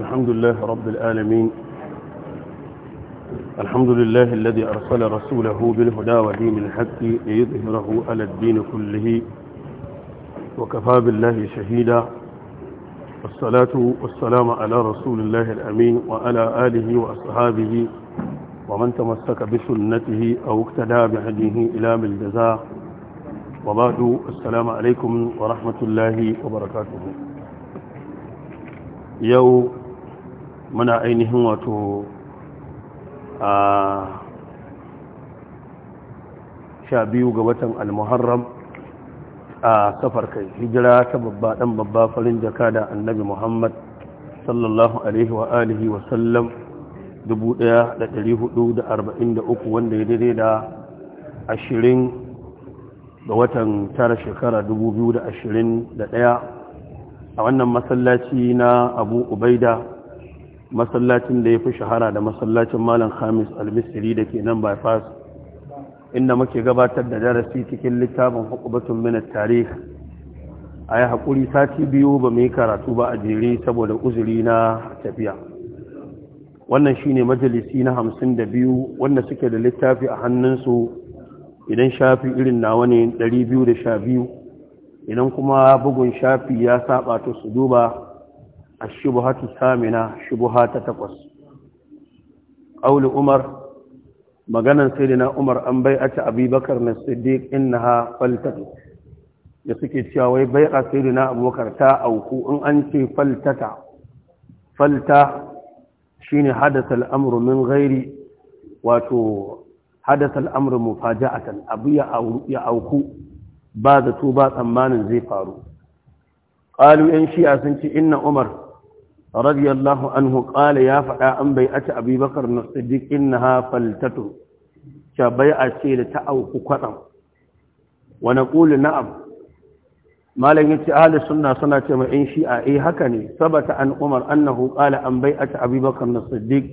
الحمد لله رب العالمين الحمد لله الذي أرسل رسوله بالهدى ودين الحق ليظهره على الدين كله وكفى بالله شهيدا والصلاة والسلام على رسول الله الأمين وعلى آله وأصحابه ومن تمسك بسنته أو اقتدى بهديه إلى بالجزاء وبعد السلام عليكم ورحمة الله وبركاته يوم muna ainihin wato a sha biyu ga watan Al-Muharram a kafar kai hijira ta babba dan babba farin jaka da annabi muhammad sallallahu alaihi wa alihi wa sallam 1443 wanda ya daidai da ashirin ga watan tara shekara 2021 a wannan masallaci na abu ubaida masallacin da ya fi shahara da masallacin malam khamis al-misri da ke nan bypass inda muke gabatar da darasi cikin littafin hukubatun min tarih a yi haƙuri sati biyu ba mai karatu ba a jere saboda uzuri na tafiya wannan shi ne majalisi na hamsin da biyu wanda suke da littafi a hannunsu idan shafi irin nawa ne biyu, idan kuma bugun shafi ya saba to su duba الشبهة الثامنة شبهات تقص قول عمر مغانا سيدنا عمر أن بيعة أبي بكر الصديق إنها فلتت يسكي تشاوي بيعة سيدنا أبو بكر تا أو كو أن أنت فلتتا فلتا شين حدث الأمر من غير واتو حدث الأمر مفاجأة أو يا أو كو بعد توبات أمان زي فارو قالوا إن شيئا سنتي إن عمر radiyallahu anhu qala ya faɗa an bai ata abi bakar na siddiq innaha faltatu ta ce da ta auku kwatsam wa naqulu na'am malam yace ahli sunna suna ce in shi'a E haka ne sabata an umar qala an bai abi bakar na siddiq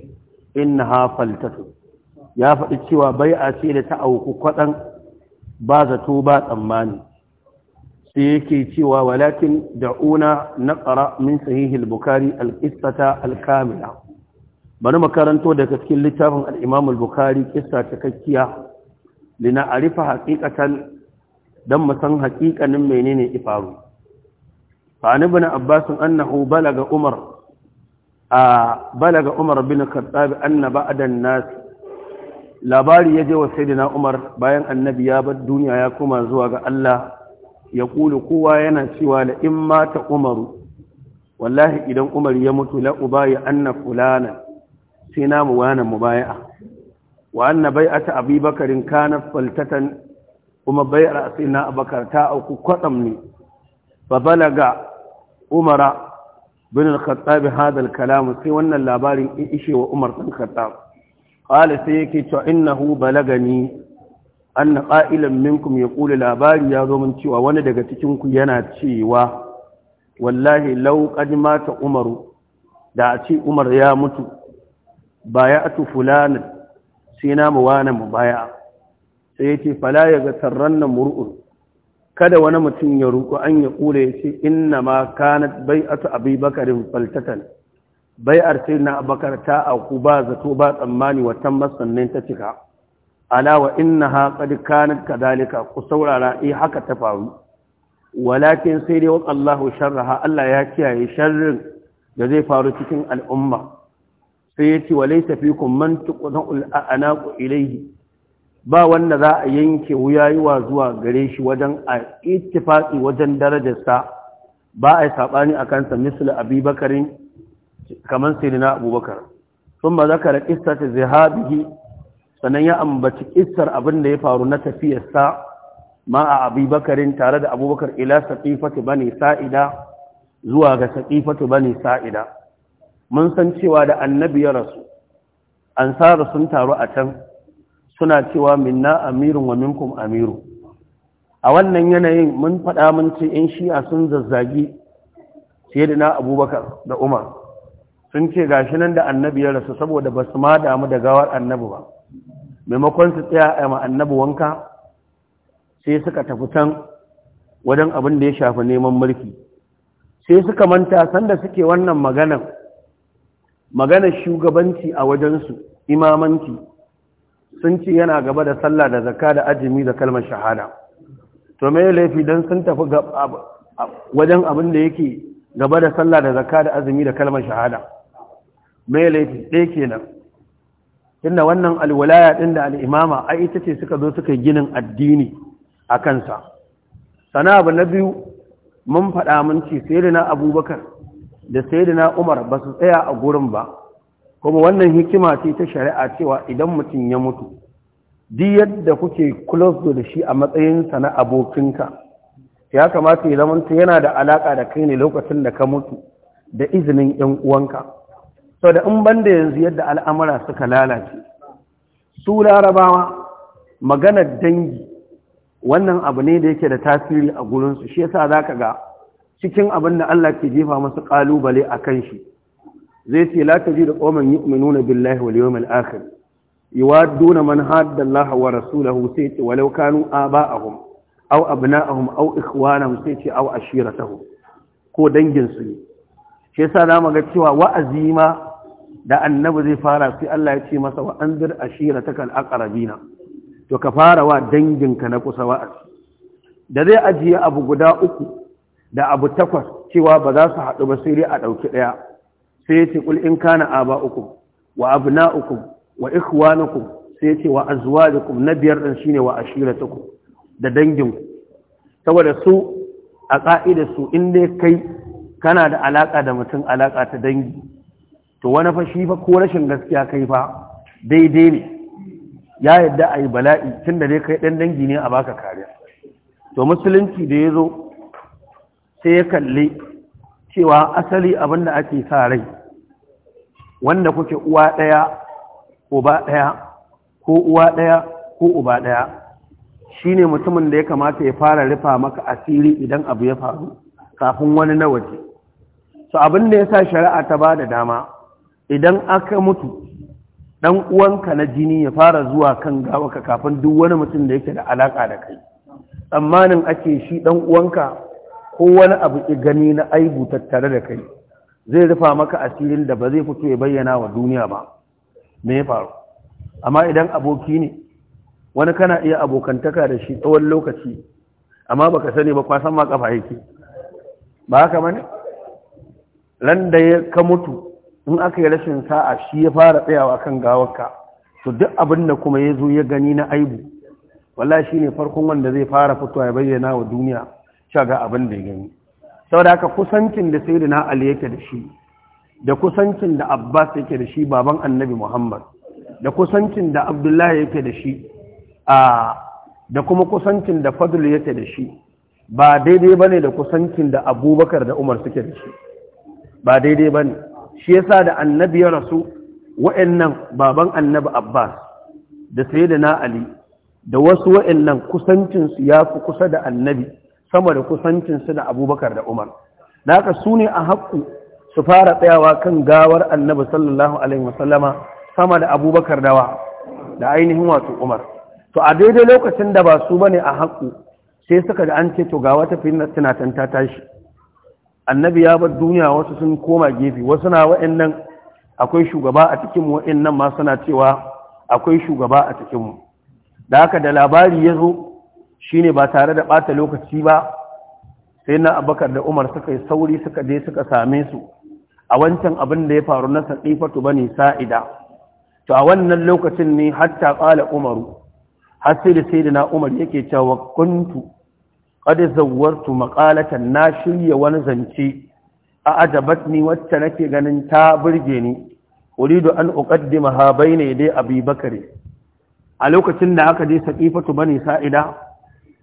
innaha faltatu ya faɗi cewa bai'a ce da ta auku ba zato ba tsammani sai yake cewa walakin da'una na ƙara min sahihi al-bukari al-qissata al-kamila bari makaranto daga cikin littafin al-imam al-bukari qissa takakkiya lina arifa haƙiƙatan, dan mu san haƙiƙanin menene ifaru fa ibn abbas annahu balaga umar a balaga umar bin khattab anna ba'da an-nas labari yaje wa sayyidina umar bayan annabi ya bar duniya ya koma zuwa ga Allah ya kulu kowa yana cewa da in mata umaru wallahi idan umar ya mutu la ubayi anna fulana sai na mu wani mu bai'a wa anna bai'ata abubakarin kana faltatan kuma bai'ar asina abakar ta auku kwatsam ne Ba balaga umara bin al-khattab hada al-kalam sai wannan labarin in ishe wa umar dan khattab qala sai yake to innahu balagani anna qa'ilan minkum yaqulu labari ya zo mun cewa wani daga cikin ku yana cewa wallahi law qad mata umaru da a ce umar ya mutu atu fulana sai na mu wani mu baya sai yace fala yaga tarranna mur'un kada wani mutum ya ruku an ya kula ya ce inna ma kanat bai'atu abubakarin faltatan bai'ar sai na abakar ta ku ba zato ba tsammani watan masannin ta cika ala wa innaha qad kanat kadhalika ku saurara eh haka ta faru walakin sai dai waka Allahu sharraha Allah ya kiyaye sharrin da zai faru cikin al'umma sai ya ce walaysa fikum man na ku ilayhi ba wanda za a yanke wuyayiwa zuwa gare shi wajen a ittifaqi wajen darajarsa ba a sabani akan sa misal Abi Bakarin kaman sayyidina Abubakar thumma zakara ta zihabihi sannan ya ambaci isar abin da ya faru na tafiyarsa ma a abubakarin tare da abubakar ila saƙifatu bane sa'ida zuwa ga saƙifatu bane sa'ida mun san cewa da annabi ya rasu tsara sun taru a can suna cewa minna amirun wa minkum amiru a wannan yanayin mun faɗa mun ce in shi'a sun zazzagi sai da na abubakar da umar sun ce gashi nan da annabi ya rasu saboda ba su ma damu da gawar annabi ba maimakon su tsaya a ma wanka sai suka tafi can wajen abin da ya shafi neman mulki sai suka manta sanda suke wannan maganan maganar shugabanci a wajensu imamanci sun ce yana gaba da sallah da zakka da ajimi da kalmar shahada to mai laifi don sun tafi wajen abin da yake gaba da sallah da zakka da azumi da kalmar shahada mai laifi ɗaya kenan tunda wannan alwalaya din da al'imama a ita ce suka zo suka ginin addini a kansa sana abu na biyu mun faɗa mun ce sayyidina abubakar da sayyidina umar ba su tsaya a gurin ba kuma wannan hikima ce ta shari'a cewa idan mutum ya mutu duk yadda kuke close da shi a matsayinsa na abokinka ya kamata ya zamanta yana da alaka da kai ne lokacin da ka mutu da izinin yan uwanka sau da in banda yanzu yadda al'amura suka lalace su larabawa maganar dangi wannan abu ne da yake da tasiri a gurinsu shi yasa za ka ga cikin abin da Allah ke jefa masu ƙalubale a kan shi zai ce la ji da ƙoman yi nuna billahi wal yawmil akhir yuwadduna man hadda Allah wa rasulahu sai ce walau kanu aba'ahum aw abna'ahum au ikhwanahum sai ce aw ashiratahum ko dangin su ne shi yasa zamu ga cewa wa'azi ma da annabi zai fara sai Allah ya ce masa wa anzir ashiratakal aqrabina to ka fara wa danginka na kusa wa'azi da zai ajiye abu guda uku da abu takwas cewa ba za su haɗu ba sai a ɗauki ɗaya sai ya ce kul in kana aba uku wa uku, wa ikhwanukum sai ya ce wa azwajukum na biyar din shine wa ashiratukum da danginku saboda su a ka'idar su in dai kai kana da alaka da mutum alaka ta dangi to wani fashi fa ko rashin gaskiya kai fa daidai ne ya yadda a yi bala'i tun da dai kai ɗan dangi ne a baka kariya to musulunci da ya zo sai ya kalli cewa asali abin da ake sa rai wanda kuke uwa ɗaya uba ɗaya ko uwa ɗaya ko uba ɗaya shi ne mutumin da ya kamata ya fara rufa maka asiri idan abu ya faru kafin wani na waje su abin da ya sa shari'a ta ba da dama idan aka mutu ɗan uwanka na jini ya fara zuwa kan gawaka kafin duk wani mutum da yake da alaƙa da kai tsammanin ake shi ɗan uwanka ko wani abu ki gani na aibu tattare da kai zai rufa maka asirin da ba zai fito ya bayyana wa duniya ba me ya faru amma idan aboki ne wani kana iya abokantaka da shi tsawon lokaci amma baka sani ba kwasan ma kafa yake ba haka bane ran da ka mutu in aka yi rashin sa'a shi ya fara tsayawa kan gawarka to duk abin da kuma ya zo ya gani na aibu wallahi ne farkon wanda zai fara fito ya bayyana wa duniya shaga ga abin da ya gani saboda haka kusancin da sayyidina ali yake da shi da kusancin da abbas yake da shi baban annabi muhammad da kusancin da abdullahi yake da shi a da kuma kusancin da fadl yake da shi ba daidai bane da kusancin da abubakar da umar suke da shi ba daidai bane shi yasa da annabi ya rasu wa'annan baban annabi Abba da na Ali da wasu wa'annan kusancin su yafi kusa da annabi sama da kusancin da Abubakar da Umar da aka su ne a haƙƙu su fara tsayawa kan gawar annabi sallallahu alaihi wasallama sama da Abubakar dawa da ainihin wato Umar to a daidai lokacin da ba su bane a haƙƙu sai suka da an ce to ga wata fitna na ta tashi annabi ya bar duniya wasu sun koma gefe wasu na wa'annan akwai shugaba a cikin wa'annan ma suna cewa akwai shugaba a cikinmu. da haka da labari ya zo shine ba tare da ɓata lokaci ba sai na abakar da umar suka yi sauri suka je suka same su a wancan abin da ya faru na ba ne sa'ida to a wannan lokacin ne hatta ƙala umaru har sai da sai da na umar yake cewa kuntu qad zawwartu maqalatan na shirya wani zance A'a a ajabatni wacce nake ganin ta birge ni uridu an uqaddimaha bayna yaday dai bakari a lokacin da aka je saqifatu bani sa'ida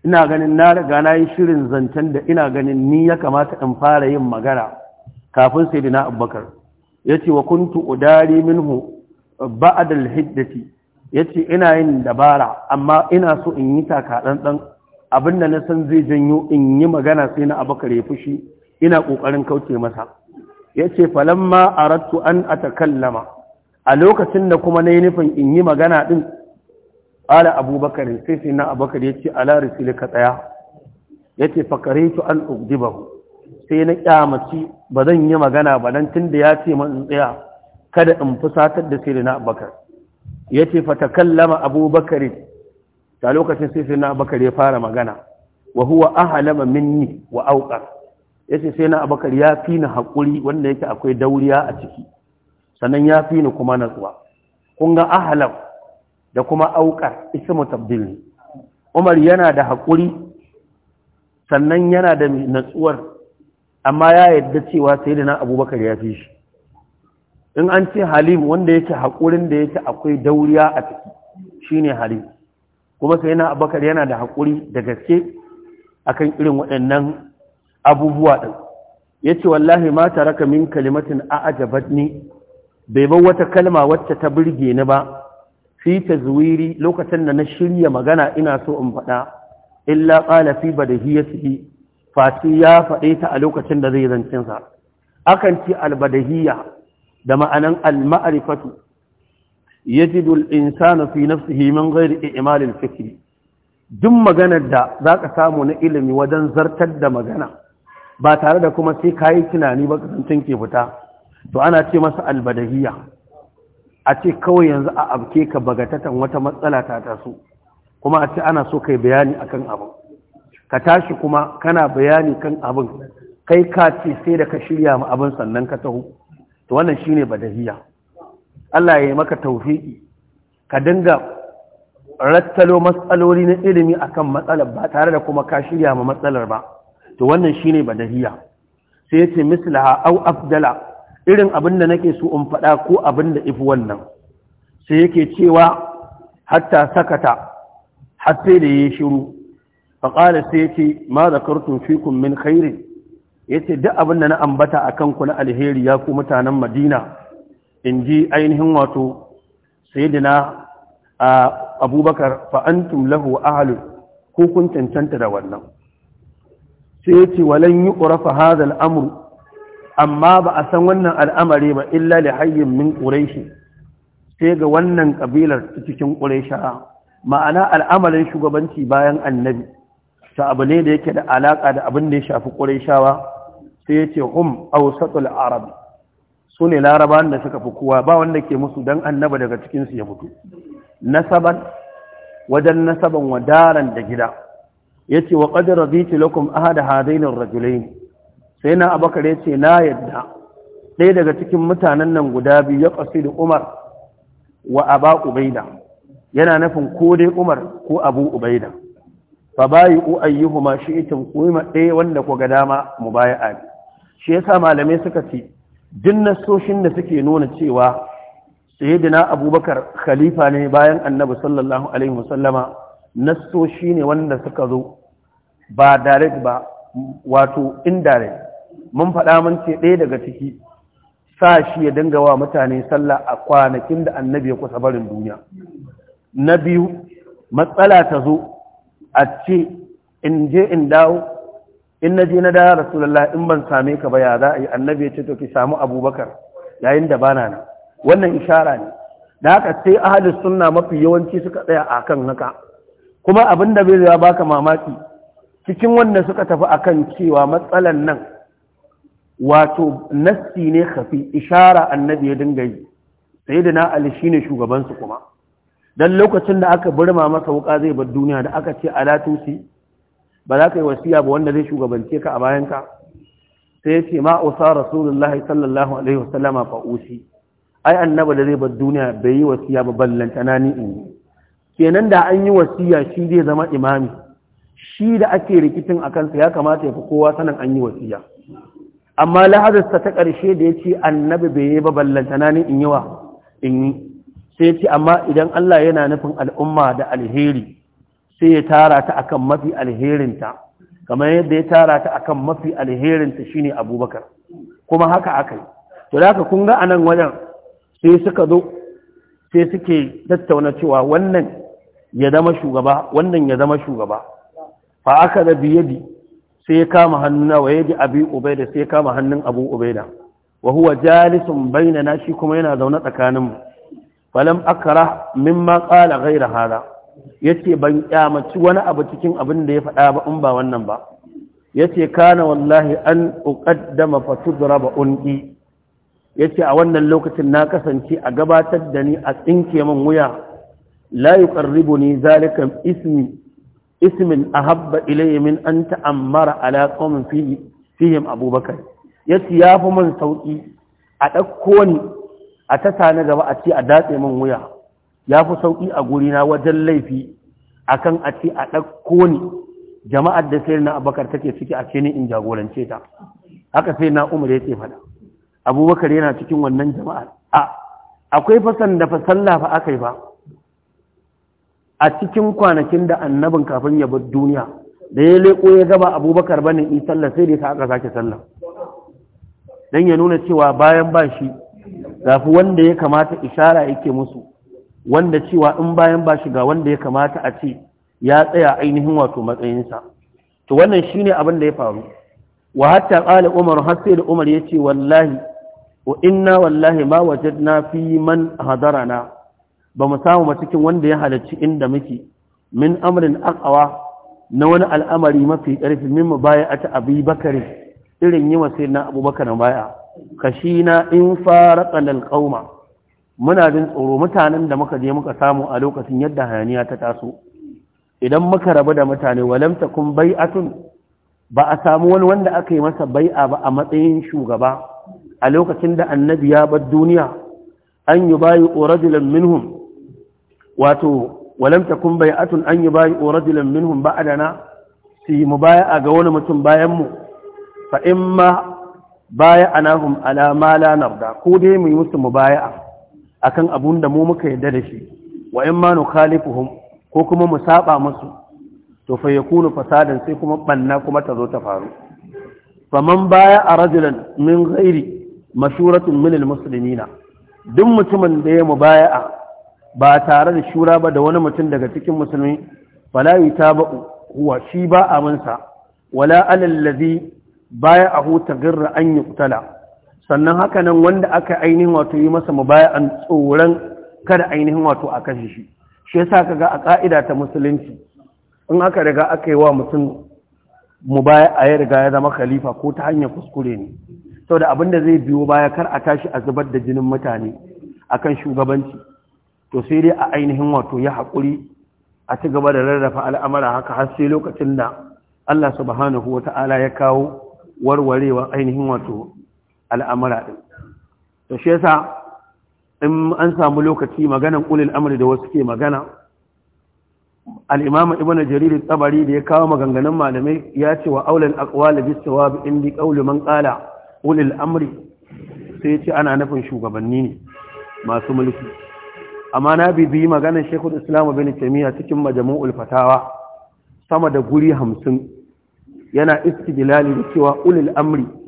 ina ganin na riga na yi shirin zancen da ina ganin ni ya kamata in fara yin magana kafin sai da na abubakar yace wa kuntu udari minhu ba'da al-hiddati yace ina yin dabara amma ina so in yi taka dan abin da na san zai janyo in yi magana sai na abakar ya fushi ina ƙoƙarin kauce masa ya ce falamma ratu an a takallama a lokacin da kuma na yi nufin in yi magana ɗin ala abubakar sai sai na abakar ya ce ala risili ka tsaya ya ce fakare tu an ugdibahu sai na kyamaci ba zan yi magana ba nan tun da ya ce man tsaya kada in fusatar da sai na abakar ya ce fatakallama abubakar ta lokacin sai sai na abakar ya fara magana wa huwa ahalama minni wa auqar yace sai na abakar ya fi ni hakuri wanda yake akwai dauriya a ciki sannan ya fi ni kuma natsuwa kun ga ahalam da kuma auqar ismu tabdil ne Umar yana da hakuri sannan yana da natsuwar amma ya yadda cewa sai da na abubakar ya fi shi in an ce halim wanda yake haƙurin da yake akwai dauriya a ciki shine halim kuma sai na abakar yana da haƙuri da gaske akan irin waɗannan abubuwa ɗin ya ce wallahi ma raka min kalimatin a ajabat ni bai bar wata kalma wacce ta birge ni ba fi ta zuwiri lokacin da na shirya magana ina so in faɗa illa ƙala fi ba da hiyasi fati ya faɗe ta a lokacin da zai zancinsa akan ci albadahiyya da ma'anan alma'arifatu yajidu al-insanu fi nafsihi min ghairi i'mal al-fikr duk maganar da za ka samu na ilimi wajen zartar da magana ba tare da kuma sai kayi tunani ba kasancin ke fita to ana ce masa albadahiyya a ce kawai yanzu a abke ka bagatatan wata matsala ta taso kuma a ce ana so kai bayani akan abin ka tashi kuma kana bayani kan abin kai ka ce sai da ka shirya ma abin sannan ka taho to wannan shine badahiya Allah ya yi maka taufiki ka dinga rattalo matsaloli na ilimi akan matsalar ba tare da kuma ka shirya ma matsalar ba to wannan shine badariya sai yace mislaha au afdala irin abin da nake so in faɗa ko abin da ifi wannan sai yake cewa hatta sakata har sai da yayi shiru fa qala sai yace ma zakartum fikum min khairin yace duk abin da na ambata akan ku na alheri ya ku mutanen Madina in ji ainihin wato saidina a abubakar fa'antum lahu ahalu ko kun cancanta da wannan sai ya ce walen yi ƙorafa haza al'amur amma ba a san wannan al'amari ba illa da hayyin min ƙureshi sai ga wannan ƙabilar cikin ƙuresha ma'ana al'amarin shugabanci bayan annabi ta abu ne da yake da alaƙa da abin da ya shafi ƙureshawa sai ya ce hum ausatul arab su ne larabawan da suka fi kowa ba wanda ke musu don annaba daga cikinsu ya mutu nasaban wajen nasaban wadaran da gida ya ce wa ƙadar lokum lakum ahada hadainin rajulai sai na abakar ya ce na yadda ɗaya daga cikin mutanen nan guda biyu ya ƙasi da umar wa aba ubaida yana nufin ko dai umar ko abu ubaida fa bayi u ayyuhuma shi'tum kuma ɗaya wanda ku ga dama mubaya'a shi yasa malamai suka ce duk nasoshin da suke nuna cewa sayyidina abubakar khalifa ne bayan annabi sallallahu alaihi wasallama nasoshi ne wanda suka zo ba direct ba wato indirect mun faɗa mun ce ɗaya daga ciki sa shi ya dinga wa mutane sallah a kwanakin da annabi ya kusa barin duniya na biyu matsala ta zo a ce in je in dawo in na je na da rasulullah in ban same ka ba ya za a yi annabi ya ce to ki samu abubakar yayin da bana nan wannan ishara ne da haka sai ahalus sunna mafi yawanci suka tsaya a kan haka kuma abin da bai zai baka mamaki cikin wanda suka tafi akan cewa matsalan nan wato nassi ne kafi ishara annabi ya dinga yi sai da na ali shine su kuma dan lokacin da aka burma masa wuka zai bar duniya da aka ce ala ba za ka yi wasiya ba wanda zai shugabance ka a bayanka sai ya ce ma usa rasulullahi sallallahu alaihi wasallama fa usi ai annaba da zai bar duniya bai yi wasiya ba ballantana ni in yi kenan da an yi wasiya shi zai zama imami shi da ake rikicin a kansa ya kamata ya fi kowa sanin an yi wasiya amma lahadarsa ta ƙarshe da ya ce annabi bai yi ba ballantana ni in yi sai ya ce amma idan Allah yana nufin al'umma da alheri sai ya tara ta akan mafi alherinta kamar yadda ya tara ta akan mafi alherinta shine abubakar kuma haka aka yi to da ka kun ga a wajen sai suka zo sai suke tattauna cewa wannan ya zama shugaba wannan ya zama shugaba fa aka da biyadi sai ya kama hannuna wa yadi abi ubaida sai ya kama hannun abu ubaida wa huwa jalisun bainana shi kuma yana zaune tsakaninmu falam akara mimma qala ghayra hada yace ban kyamaci wani abu cikin abin da ya faɗa ba in ba wannan ba yace kana wallahi an uqaddama fatudraba unqi yace a wannan lokacin na kasance a gabatar da ni a tsinke min wuya la yuqarribuni zalika ismi ismin ahabba ilayya min an ta'ammara ala qaumin fihi fihim abubakar yace fi min sauki a ɗauko ni a tasa na gaba a ce a datse min wuya ya fi sauƙi a gurina wajen laifi A kan a ce a ɗauko ni jama'ar da sai na abakar take ciki a in jagorance ta haka sai na umar ya yake faɗa abubakar yana cikin wannan jama'ar a akwai fasan da fasan fa aka yi ba a cikin kwanakin da annabin kafin ya bar duniya da ya leƙo ya gaba abubakar ba ne sallah sai da ta aka sake sallah don ya nuna cewa bayan ba shi zafi wanda ya kamata ishara yake musu wanda cewa in bayan ba shiga wanda ya kamata a ce ya tsaya ainihin wato matsayinsa to wannan shi ne abin da ya faru wa hatta ƙali umar har sai da umar ce wallahi wa inna wallahi ma na fi man hadara na? ba mu samu ba cikin wanda ya halarci inda muke min amrin aqwa na wani al'amari mafi ƙarfi min mu baya ata abi bakari irin yi wa na abubakar baya Ka shi na in fara faraqan ƙauma. muna jin tsoro mutanen da muka je muka samu a lokacin yadda hayaniya ta taso idan muka rabu da mutane walam takun bai'atun ba a samu wani wanda aka yi masa bai'a ba a matsayin shugaba a lokacin da annabi ya bar duniya an yi bayi orajilan minhum wato walam takun bai'atun an yi bayi orajilan minhum ba'adana su yi mubaya'a ga wani mutum bayan mu fa in ma baya anahum ala ma la narda ko dai mu yi musu mubaya'a akan abun da mu muka yarda da shi wa in ma nukhalifuhum ko kuma mu saba musu to fa yakunu fasadan sai kuma banna kuma ta zo ta faru faman baya a rajulan min ghairi mashuratun min almuslimina duk mutumin da ya mubaya'a ba tare da shura ba da wani mutum daga cikin musulmi fala yutaba'u huwa shi ba abinsa wala alal ladhi a huta tagirra an yuqtala sannan haka nan wanda aka ainihin wato yi masa mubaya'an tsoron kada ainihin wato a kashe shi shi ka ga a ka'ida ta musulunci in aka riga aka yi wa mutum mubaya'a ya riga ya zama khalifa ko ta hanyar kuskure ne saboda abin da zai biyo baya kar a tashi a zubar da jinin mutane akan shugabanci to sai dai a ainihin wato ya haƙuri a ci gaba da rarrafa al'amara haka har sai lokacin da Allah subhanahu ta'ala ya kawo warwarewa ainihin wato al'amura ɗin to shi yasa in an samu lokaci maganan ƙulil amri da wasu ke magana al'imam ibn jariri tsabari da ya kawo maganganun malamai ya ce wa aulal akwali bisawa bi indi ƙaulu man kala ƙulil amri sai ce ana nufin shugabanni ne masu mulki amma na bibiyi maganan shekul islam bin taimiyya cikin majamu'ul fatawa sama da guri hamsin yana iski da cewa ulil amri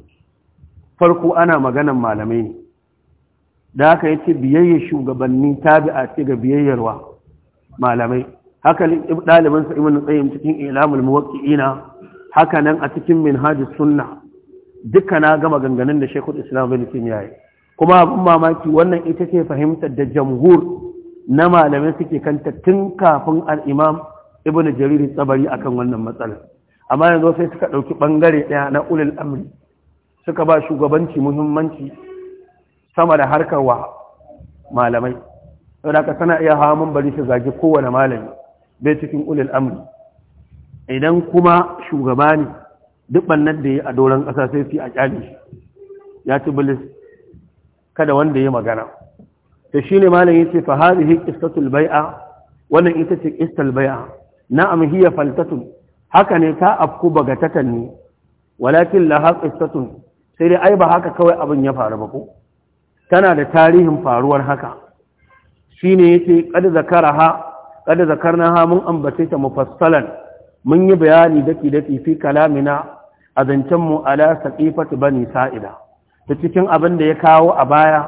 farko ana maganan malamai ne da haka ya ce biyayyar shugabanni tabi'a ce ga biyayyarwa malamai haka ɗalibinsa ibn tsayin cikin ilamul muwaqqi'ina haka nan a cikin minhajus sunna duka na gama ganganin da shekul islam bin tim yayi kuma abin mamaki wannan ita ce fahimtar da jamhur na malamai suke kanta tun kafin al'imam, imam ibn jarir tsabari akan wannan matsalar amma yanzu sai suka ɗauki ɓangare ɗaya na ulul amri suka ba shugabanci muhimmanci sama da harkar wa malamai yau haka sana iya hawa mambari su zagi kowane malami bai cikin ulil amri idan kuma shugaba ne duk bannan da ya a doron ƙasa sai su a ƙyali ya ci bilis kada wanda ya magana ta shi ne malam ya ce fa hadhihi qistatul bai'a wannan ita ce qistal bai'a na'am hiya faltatun haka ne ta afku bagatatan ne walakin laha qistatun sai dai ai ba haka kawai abin ya faru ba ko tana da tarihin faruwar haka Shi shine yace ha zakar zakarna ha mun ambace ta mufassalan mun yi bayani daki daki fi kalamina a zancen mu ala saqifati bani sa'ida ta cikin abin da ya kawo a baya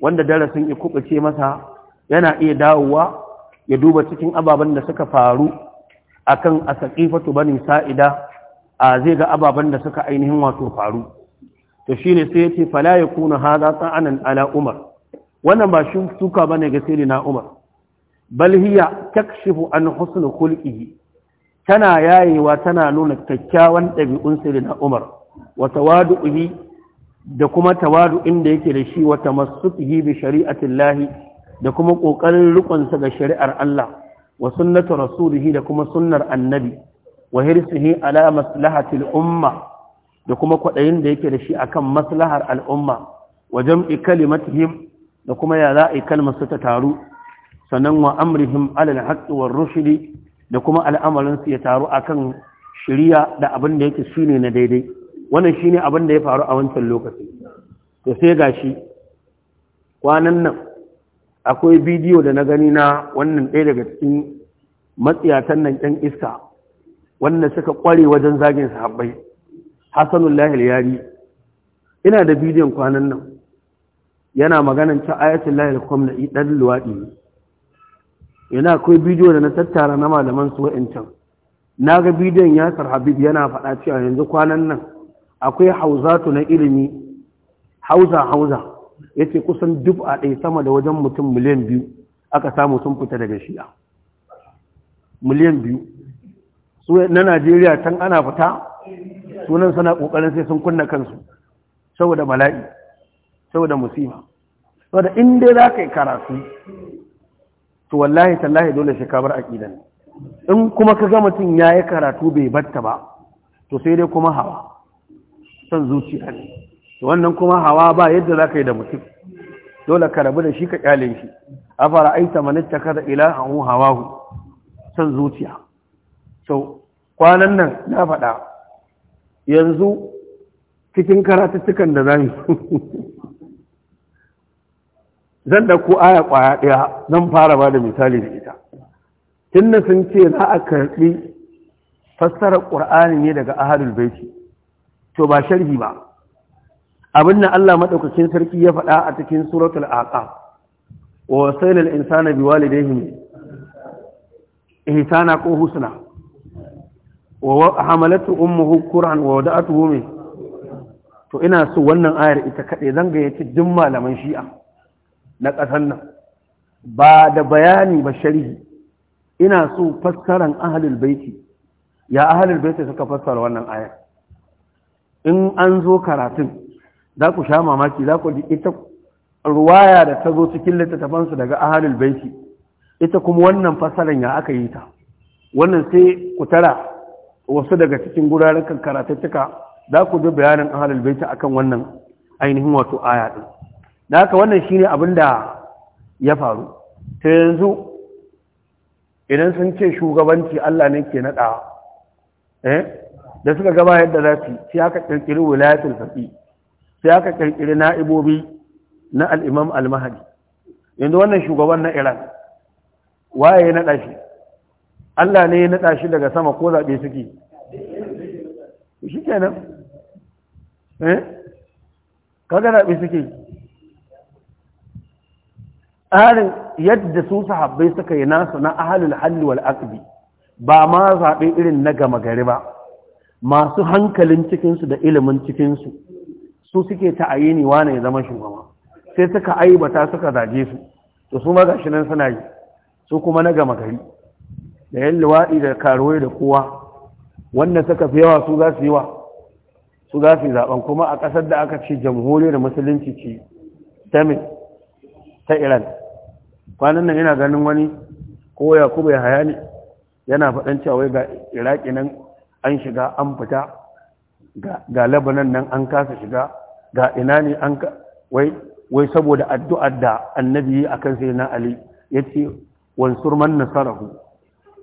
wanda darasin ya kubuce masa yana iya dawowa ya duba cikin ababen da suka faru akan a bani sa'ida a zai ga ababen da suka ainihin wato faru to shine sai yace fala kuna haza ta'anan ala umar wannan ba shi suka ne ga sayyidina umar bal hiya takshifu an husn khulqihi tana yayewa tana nuna kyakkyawan ɗabi'un sayyidina umar wa tawadu'uhi da kuma tawadu'in da yake da shi wa tamassukihi bi shari'atillahi da kuma kokarin rikonsa ga shari'ar Allah wa sunnatu rasulihi da kuma sunnar annabi wa hirsihi ala maslahatil umma da kuma kwaɗayin da yake da shi a kan maslahar al'umma wajen ikalimatihim da kuma ya za a yi ta taru sannan wa amrihim alal haqqi rushidi rushdi da kuma al'amarinsu ya taru a kan shiriya da abin da yake ne na daidai wannan shi ne abin da ya faru a wancan lokaci to sai shi kwanan nan akwai bidiyo da na gani na wannan ɗaya daga cikin matsiyatan nan ƴan iska wanda suka ƙware wajen zagin sahabbai hasanul lahil yari ina da bidiyon kwanan nan yana maganan ta ayatul lahil kwamna ɗan luwaɗi ne yana akwai bidiyo da na tattara na malaman su wa'incan na ga bidiyon yasar habib yana faɗa cewa yanzu kwanan nan akwai hauzatu na ilimi hauza hauza ya ce kusan duk a ɗaya sama da wajen mutum miliyan biyu aka samu sun fita daga shi'a miliyan biyu na najeriya can ana fita sunan suna kokarin sai sun kunna kansu saboda mala'i, saboda Musima. saboda in dai za ka yi karatu to wallahi tallahi dole shi kabar aqidan in kuma ka ga mutum yayi karatu bai batta ba to sai dai kuma hawa son zuciya ne wannan kuma hawa ba yadda za ka yi da mutum dole ka rabu da shi ka kyale shi a fara aita manitta kada ilahan hawahu son zuciya so kwanan nan na faɗa yanzu cikin karatuttukan da yi. zan da aya ƙwaya ɗaya zan fara ba da misali da ita Tun da sun ce za a karɓi fassarar ƙur'ani ne daga ahadul baiti to ba sharhi ba abin da Allah maɗaukacin sarki ya faɗa a cikin suratul aƙa. wa wasailal insana biwalidayhi ihsana ko husna wa hamalatu ummuhu qur'an wa wada'atuhu min to ina so wannan ayar ita kade zanga yace duk malaman shi'a na kasan nan ba da bayani ba sharhi ina so fassaran ahlul baiti ya ahlul baiti suka fassara wannan ayar in an zo karatun za ku sha mamaki za ku ji ita ruwaya da ta zo cikin su daga ahlul baiti ita kuma wannan fassaran ya aka yi ta wannan sai ku tara wasu daga cikin guraren karatattuka za ku ji bayanin ahalul baiti akan wannan ainihin wato aya din da haka wannan shine abin da ya faru ta yanzu idan sun ce shugabanci Allah ne ke nada eh da suka gaba yadda za su sai aka kirkiri wilayatul faqi sai aka kirkiri na'ibobi na al-imam al-mahdi yanzu wannan shugaban na Iran waye ya nada shi Allah ne ya naɗa shi daga sama ko zaɓe suke shi kenan eh kaga zaɓe suke tsarin yadda su sahabbai suka yi nasu na ahalul halli wal ba ma zaɓe irin na gama gari ba masu hankalin cikinsu da ilimin cikinsu su suke ta'ayini wane ya zama shugaba sai suka aibata suka zaje su to su ma gashi nan suna yi su kuma na gama gari da yan luwaɗi da karuwai da kowa wannan suka fi yawa su za su yi wa su za zaben kuma a ƙasar da aka ce jamhuriyar musulunci ce ta ta iran kwanan nan yana ganin wani ko ya kuma ya haya ne yana faɗan cewa ga iraki nan an shiga an fita ga labanan nan an kasa shiga ga ina ne an wai wai saboda addu'ar da annabi akan sai na ali ya ce wansur man nasarahu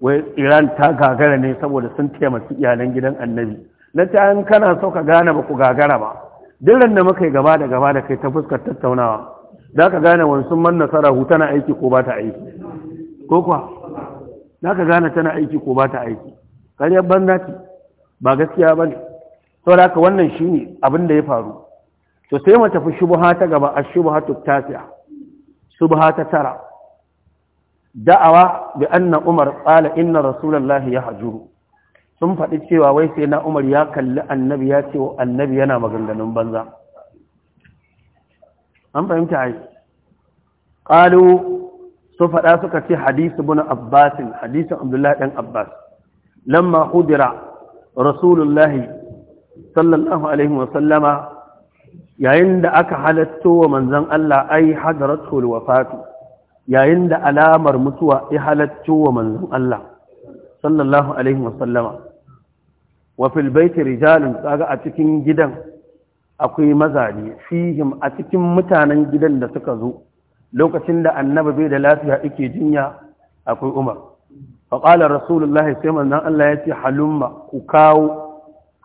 wai iran ta gagara ne saboda sun taimaki iyalan gidan annabi na ta an kana so ka gane ba ku gagara ba duk da muka yi gaba da gaba da kai ta fuskar tattaunawa za ka gane wani sun man nasara hu tana aiki ko ba ta aiki ko kuwa za ka gane tana aiki ko ba ta aiki karyar banza ce ba gaskiya ba ne sau da wannan shi ne abin da ya faru to sai mu tafi shubuha ta gaba a shubuha ta tasiya shubuha ta tara da'awa bi anna umar qala inna rasulullahi yahjuru sun faɗi cewa wai sai na umar ya kalli annabi ya ce annabi yana maganganun banza an fahimta ai qalu su faɗa suka ce hadisi ibn abbas hadisi abdullahi dan abbas lamma hudira rasulullahi sallallahu alaihi wa sallama yayin da aka halatto wa manzon Allah ai hadaratu wafatu yayin da alamar mutuwa ya halatto wa manzon Allah sallallahu alaihi wasallama wa fil baiti rijalun kaga a cikin gidan akwai mazaje fihim a cikin mutanen gidan da suka zo lokacin da annabi bai da lafiya yake jinya akwai Umar fa qala rasulullahi sai manzon Allah ya ce halumma ku kawo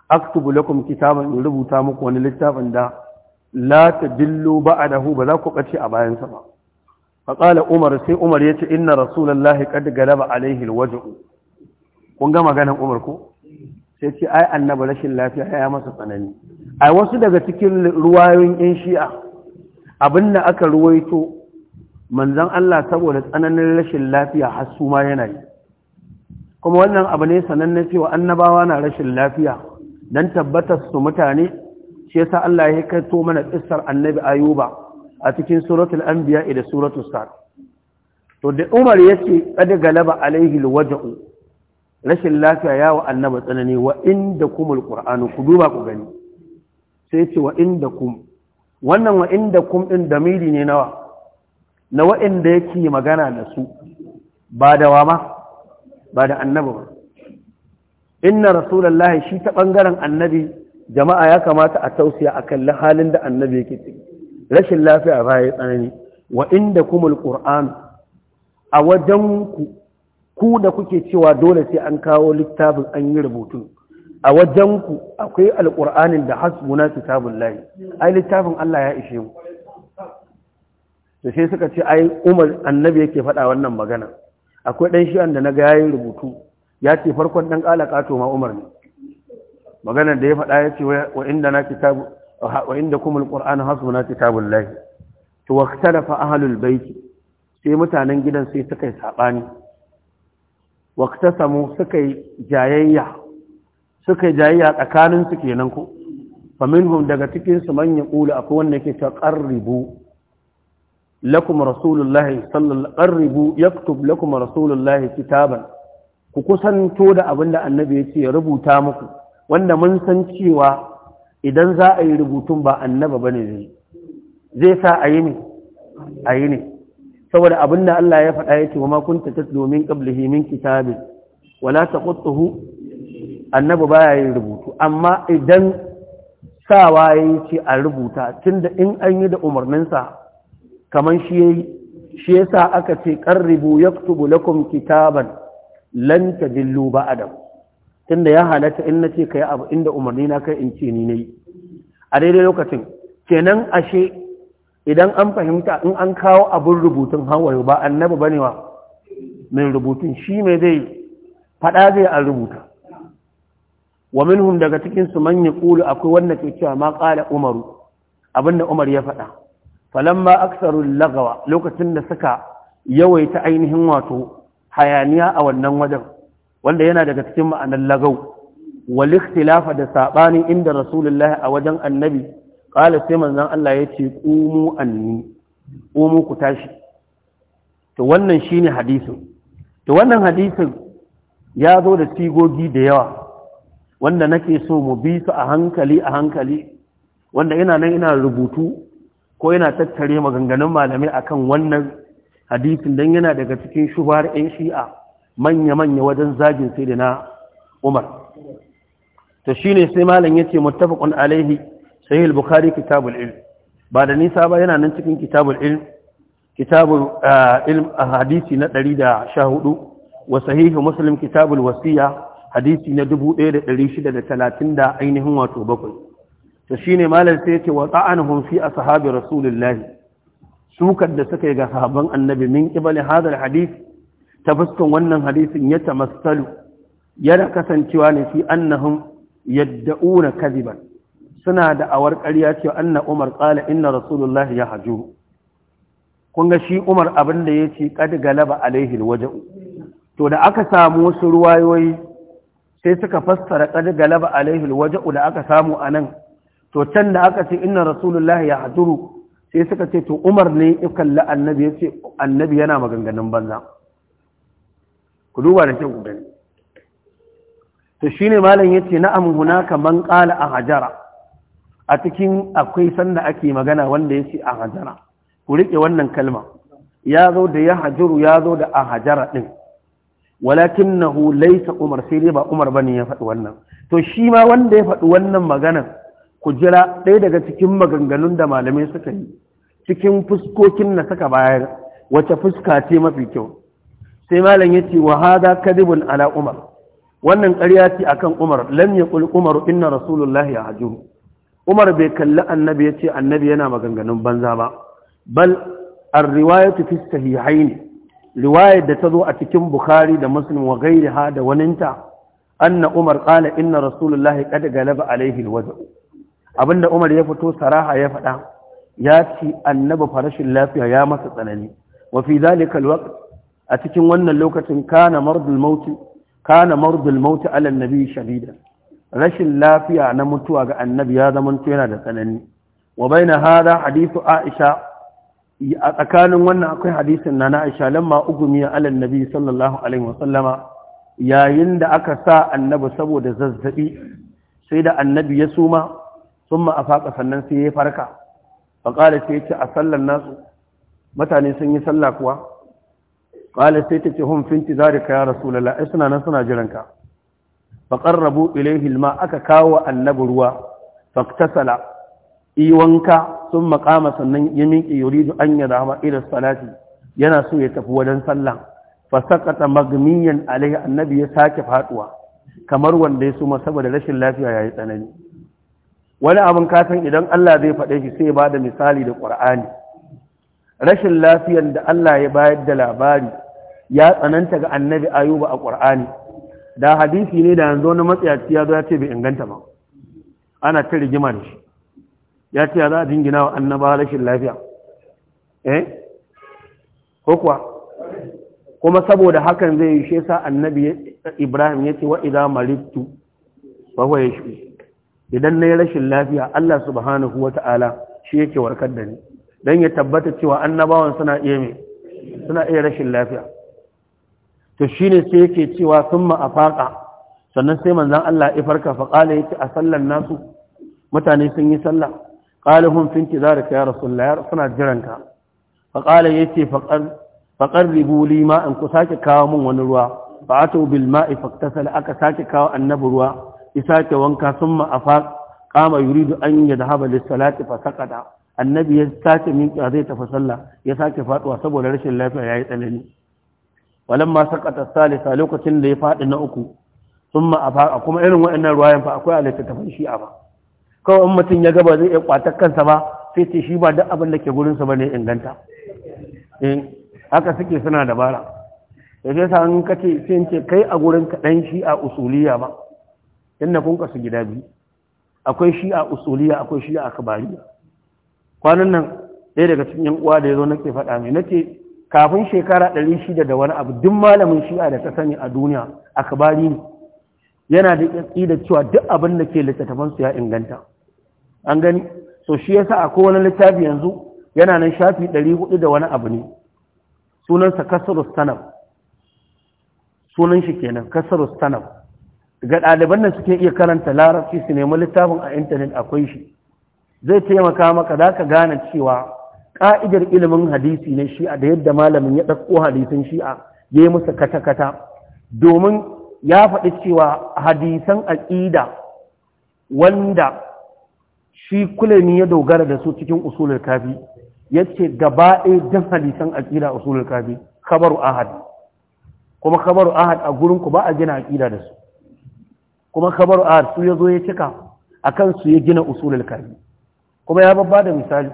aktubu lakum kitaban in rubuta muku wani littafin da la tadillu ba'dahu ba za ku kace a bayan sa ba faƙala umar sai umar ya ce inna rasulallahi kad galaba alaihi alwaj'u kun ga maganan umar ko sai ce ai annabi rashin lafiya ya masa tsanani ai wasu daga cikin ruwayoyin yan shi'a abin da aka ruwaito manzon Allah saboda tsananin rashin lafiya har su ma yana yi kuma wannan abu ne sananne cewa annabawa na rashin lafiya dan tabbatar su mutane shi yasa Allah ya kaito mana kissar annabi ayuba a cikin suratul anbiya da suratul sad to da umar yace qad galaba alaihi alwaja'u rashin lafiya ya wa annaba tsanani wa inda kumul qur'anu ku duba ku gani sai ce wa inda kum wannan wa inda kum din damiri ne nawa na wa'inda yake magana da su ba da wama ba da annaba ba inna rasulullahi shi ta bangaren annabi jama'a ya kamata a tausiya akan halin da annabi yake ciki rashin lafiya ba ya tsanani wa inda kumul qur'an a wajen ku ku da kuke cewa dole sai an kawo littafin an yi rubutu a wajen ku akwai alqur'anin da hasbuna kitabun layi. ai littafin Allah ya ishe mu to sai suka ce ai Umar annabi yake faɗa wannan magana akwai dan shi'an da naga yayin rubutu ya ce farkon dan kalaka to ma Umar ne maganar da ya faɗa ya ce wa inda na kitabu wa inda kuma alƙur'an hasbuna kitabun lahi to waktalafa ahlul baiti sai mutanen gidan sai suka yi sabani waktasamu suka yi jayayya suka yi jayayya tsakanin su kenan ko daga cikinsu manyan man yaqulu akwai wanda yake ta qarribu lakum rasulullahi sallallahu qarribu yaktub lakum rasulullahi kitaban ku kusanto da abinda annabi ya ce ya rubuta muku wanda mun san cewa idan za a yi rubutun ba annaba ba ne zai sa a yi ne a yi ne saboda abin da Allah ya faɗa ya ce wa makunta ta domin ƙabla himin kitabin wala ta ƙuttuhu annaba ba ya yi rubutu amma idan sawa ya yi ce a rubuta tun da in an yi da umarninsa kamar shi ya sa aka ce ƙarribu ya kutubu lakum kitaban lan ta dillu ba adam tunda ya halatta in nace kai abu inda umarni na kai in ce ni nayi a daidai lokacin kenan ashe idan an fahimta in an kawo abun rubutun hawaye ba annabi bane wa mai rubutun shi mai zai fada zai an rubuta wa minhum daga cikin su man yaqulu akwai wanda ke cewa ma qala umaru abinda umar ya faɗa falamma aktharu lagawa lokacin da suka yawaita ainihin wato hayaniya a wannan wajen wanda yana daga cikin ma'anar lagau wal ikhtilafa da sabani inda rasulullahi a wajen annabi qala sai manzon Allah yace qumu anni qumu ku tashi to wannan shine hadisin to wannan hadisin ya zo da sigogi da yawa wanda nake so mu bi su a hankali a hankali wanda ina nan ina rubutu ko yana tattare maganganun malamai akan wannan hadisin dan yana daga cikin shubar 'yan shi'a manya-manya wajen zagin sai na umar ta shi ne sai malam ya ce mutafakun alaihi sai al kitabul ilm ba da nisa ba yana nan cikin kitabul ilm kitabul ah, ilm a ah, hadisi na 114 wa sahihi muslim kitabul wasiya hadisi na 1630 da ainihin wato bakwai to shine malam sai yace wa ta'anuhum fi sahabi rasulillah sukar da suka yi ga sahabban annabi min qibali hadal hadisi ta fuskan wannan hadisin ya tamassalu yana kasancewa ne fi annahum yadda'una kadiban suna da awar ƙarya cewa anna umar qala inna rasulullahi ya haju kun ga shi umar abin da ya ce kad galaba alaihi alwaja'u to da aka samu wasu ruwayoyi sai suka fassara kad galaba alaihi alwaja'u da aka samu anan to can da aka ce inna rasulullahi ya hajuru sai suka ce to umar ne ya kalli annabi ya annabi yana maganganun banza ku duba da kyau gani to ne malam yace na'am hunaka man ƙala a hajara a cikin akwai sanda ake magana wanda yace a hajara ku riƙe wannan kalma ya zo da ya hajaru ya zo da a hajara na hu laisa umar sai dai ba umar ba ne ya faɗi wannan to shi ma wanda ya faɗi wannan maganan ku jira ɗaya daga cikin maganganun da malamai suka yi cikin fuskokin na saka bayar wace fuska ce mafi kyau sai malam yace wa hada kadibun ala umar wannan ƙarya ce akan umar lam yaqul umar inna rasulullahi yahjuhu umar bai kalli annabi yace annabi yana maganganun banza ba bal ar-riwayatu fi sahihayn riwayar da ta zo a cikin bukhari da muslim wa ghayriha da waninta anna umar qala inna rasulullahi qad galaba alaihi alwaz'u abinda umar ya fito saraha ya faɗa ya ce annabi farashin lafiya ya masa tsanani wa fi zalika alwaqt a cikin wannan lokacin kana mardul mauti kana mardul mauti ala annabi rashin lafiya na mutuwa ga annabi ya zama yana da tsanani wa baina hada hadithu aisha a tsakanin wannan akwai hadisin na aisha lamma ugumiya ala annabi sallallahu alaihi wa sallama yayin da aka sa annabi saboda zazzabi sai da annabi ya suma summa afaqa sannan sai ya farka faqala sai ya ce a sallan nasu mutane sun yi sallah kuwa qala sai ta ce hum fi ka ya rasulullah ai suna nan suna jiran ka rabu qarrabu hilma aka kawo annabi ruwa faktasala iwanka sun makama sannan ya miƙe yuridu an ya zama ila salati yana so ya tafi wajen sallah fa ta magmiyan alaihi annabi ya sake faduwa kamar wanda ya suma saboda rashin lafiya yayi tsanani wani abin kasan idan Allah zai faɗe shi sai ba da misali da Ƙur'ani. rashin lafiyar da Allah ya bayar da labari ya tsananta ga annabi ayuba a ƙur'ani da hadisi ne da yanzu wani matsayaci ya zo ya ce bai inganta ba ana ta rigima da shi ya ce ya za a jingina wa annaba rashin lafiya eh ko kuwa kuma saboda hakan zai yi shesa annabi ibrahim ya ce wa idan maritu ba wa ya shi idan na yi rashin lafiya allah subhanahu wa ta'ala shi yake warkar da ni don ya tabbata cewa annabawan suna iya mai suna iya rashin lafiya to shi ne sai yake cewa sun faƙa, sannan sai manzan Allah ifarka faƙala ce a sallan nasu mutane sun yi sallah ƙalihun finki za da kayar rasulla suna jiranka faƙala ce faƙar ribu ma in ku sake kawo min wani ruwa ba a tau bil ma'i faktasala aka sake kawo annabi ruwa ya sake wanka sun faƙa, kama yuridu an yadhaba lis-salati fa saqata annabi ya sake miƙa zai tafi sallah ya sake faduwa saboda rashin lafiya yayi tsanani ma sakata salisa lokacin da ya fadi na uku thumma afa kuma irin waɗannan ruwayan fa akwai alaita tafin a ba kawai in mutum ya gaba zai iya kwatar kansa ba sai ce shi ba duk abin da ke gurin sa bane inganta in eh, haka suke suna dabara da sai san kace sai in ce kai a gurin ka dan a usuliya ba inna kun kasu gida biyu akwai shi a usuliya akwai shi a kabariya kwanan nan ɗaya daga cikin yan uwa da ya zo nake faɗa mai nake kafin shekara ɗari shida da wani abu duk malamin shi'a da ta sani a duniya a kabari ne yana da ƙi da cewa duk abin da ke littattafansu ya inganta an gani so shi yasa a kowane littafi yanzu yana nan shafi ɗari hudu da wani abu ne sunansa kasarus sanab sunan shi kenan kasarus sanab ga ɗaliban da suke iya karanta larabci su nemi littafin a intanet akwai shi zai taimaka maka za ka gane cewa ƙa'idar ilimin hadisi na shi'a da yadda malamin ya ɗauko hadisin shi'a ya yi musu kata-kata domin ya faɗi cewa hadisan aƙida wanda shi kulemi ya dogara da su cikin usulul kafi ya ce gaba ɗaya jan hadisan aƙida usulul kafi kabaru ahad kuma kabaru ahad a gurinku ba a gina aƙida da su kuma kabaru ahad su ya zo ya cika a kansu ya gina usulul kafi kuma ya babba da misali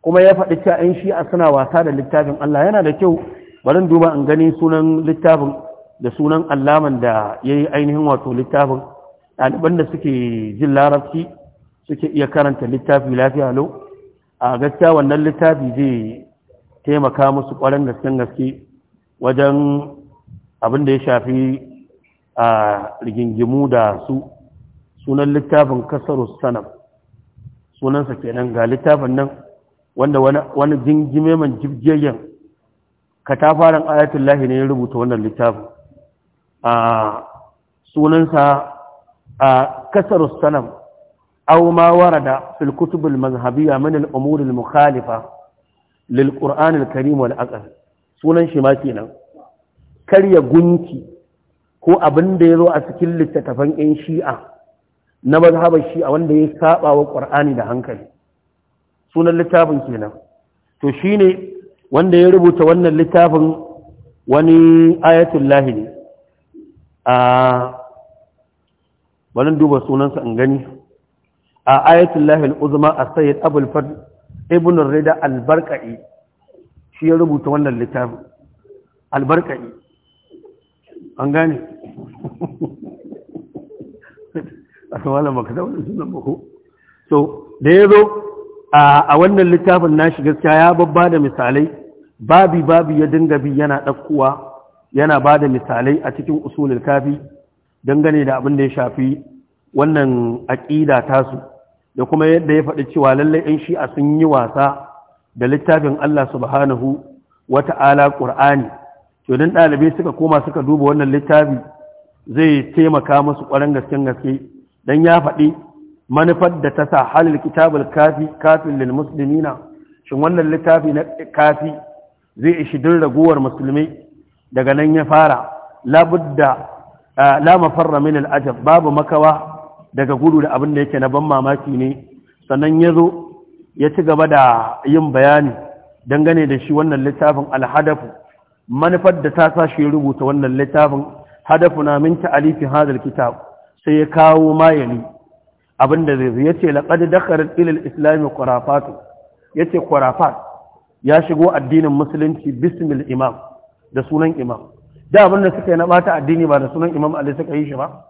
kuma ya faɗi cewa shi'a suna wasa da littafin Allah yana da kyau barin duba in gani sunan littafin da sunan allaman da ya yi ainihin wato littafin ɗaliban da suke jin larabci suke iya karanta littafi lafiya lau a gaskiya wannan littafi zai taimaka musu ƙwarar gasken gaske wajen abin da ya shafi a rigingimu da su sunan littafin kasarus sanam sunansa kenan ga littafin nan wanda wani jingime man katafaren ayatul lahi ne ya rubuta wannan littafin a sunansa a kasarus sanam aw ma warada fil kutub al mazhabiyya min al umur al mukhalifa lil qur'an al karim wal sunan shi ma kenan karya gunki ko abin da ya zo a cikin littattafan 'yan shi'a na mazhabar shi a wanda ya saba wa ƙwar'ani da hankali sunan littafin kenan to shine wanda ya rubuta wannan littafin wani ayatul lahi ne a wani duba sunansa in gani a ayatul lahi al-uzma a sayyid fad ibn rida albarka'i shi ya rubuta wannan littafin albarka'i an gane aka tawala maka da sunan mako so da ya zo a wannan littafin na nashi gaskiya ya babba da misalai babi babi ya dinga bi yana ɗaukuwa, yana ba da misalai a cikin usulul kafi dangane da abin da ya shafi wannan aƙida tasu da kuma yadda ya faɗi cewa lallai in shi'a sun yi wasa da littafin Allah subhanahu wa ta'ala ƙur'ani to idan ɗalibai suka koma suka duba wannan littafi zai taimaka musu ƙwarar gaske gaske dan ya faɗi manufar da ta sa halin kitabul kafi kafin lil musulmina, shin wannan littafi na kafi zai ishi din raguwar musulmi? daga nan ya fara labudda la mafarra min ajab babu makawa daga gudu da abin da yake na ban mamaki ne sannan ya zo ya ci gaba da yin bayani dangane da shi wannan littafin alhadafu manufar da ta sa shi rubuta wannan littafin hadafuna min ta'alifi hadal kitab sai ya kawo mayani abinda zai zai yace laqad dakharat ila al-islam qurafat yace qurafat ya shigo addinin musulunci bismil imam da sunan imam da abinda suka yi na bata addini ba da sunan imam Ali suka yi shi ba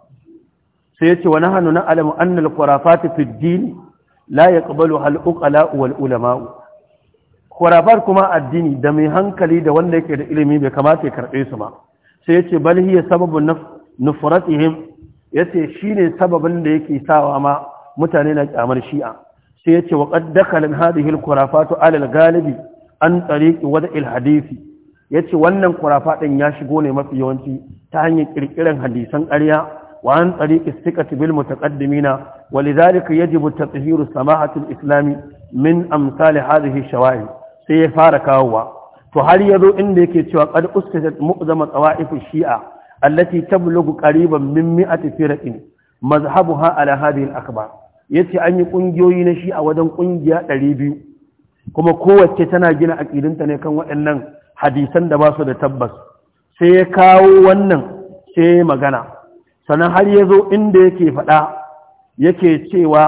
sai yace wa nahnu na anna al-qurafat fi ad-din la yaqbaluha al-uqala wal ulama kuma addini da mai hankali da wanda yake da ilimi bai kamata ya karbe su ba sai yace bal hiya sababun nufratihim ya ce shi ne sababin da yake sawa ma mutane na kyamar shi'a sai ya ce waƙad dakalin hadihil kurafatu alal galibi an tsariƙi wata ilhadisi ya ce wannan kurafaɗin ya shigo ne mafi yawanci ta hanyar ƙirƙiran hadisan ƙarya wa an tsariƙi sikati bil mutaƙaddimina wa lidhalika yajibu tatahiru samahatu islami min amsal hadhihi shawahi sai ya fara kawowa to har ya zo inda yake cewa qad usqat mu'zama tawaifu shi'a allati tablughu qariban min mi'ati firqin mazhabuha ala hadhihi al-akbar yace an yi kungiyoyi na shi a wajen kungiya 200 kuma kowace tana gina aqidinta ne kan waɗannan hadisan da ba su da tabbas sai ya kawo wannan sai magana sannan har ya zo inda yake faɗa yake cewa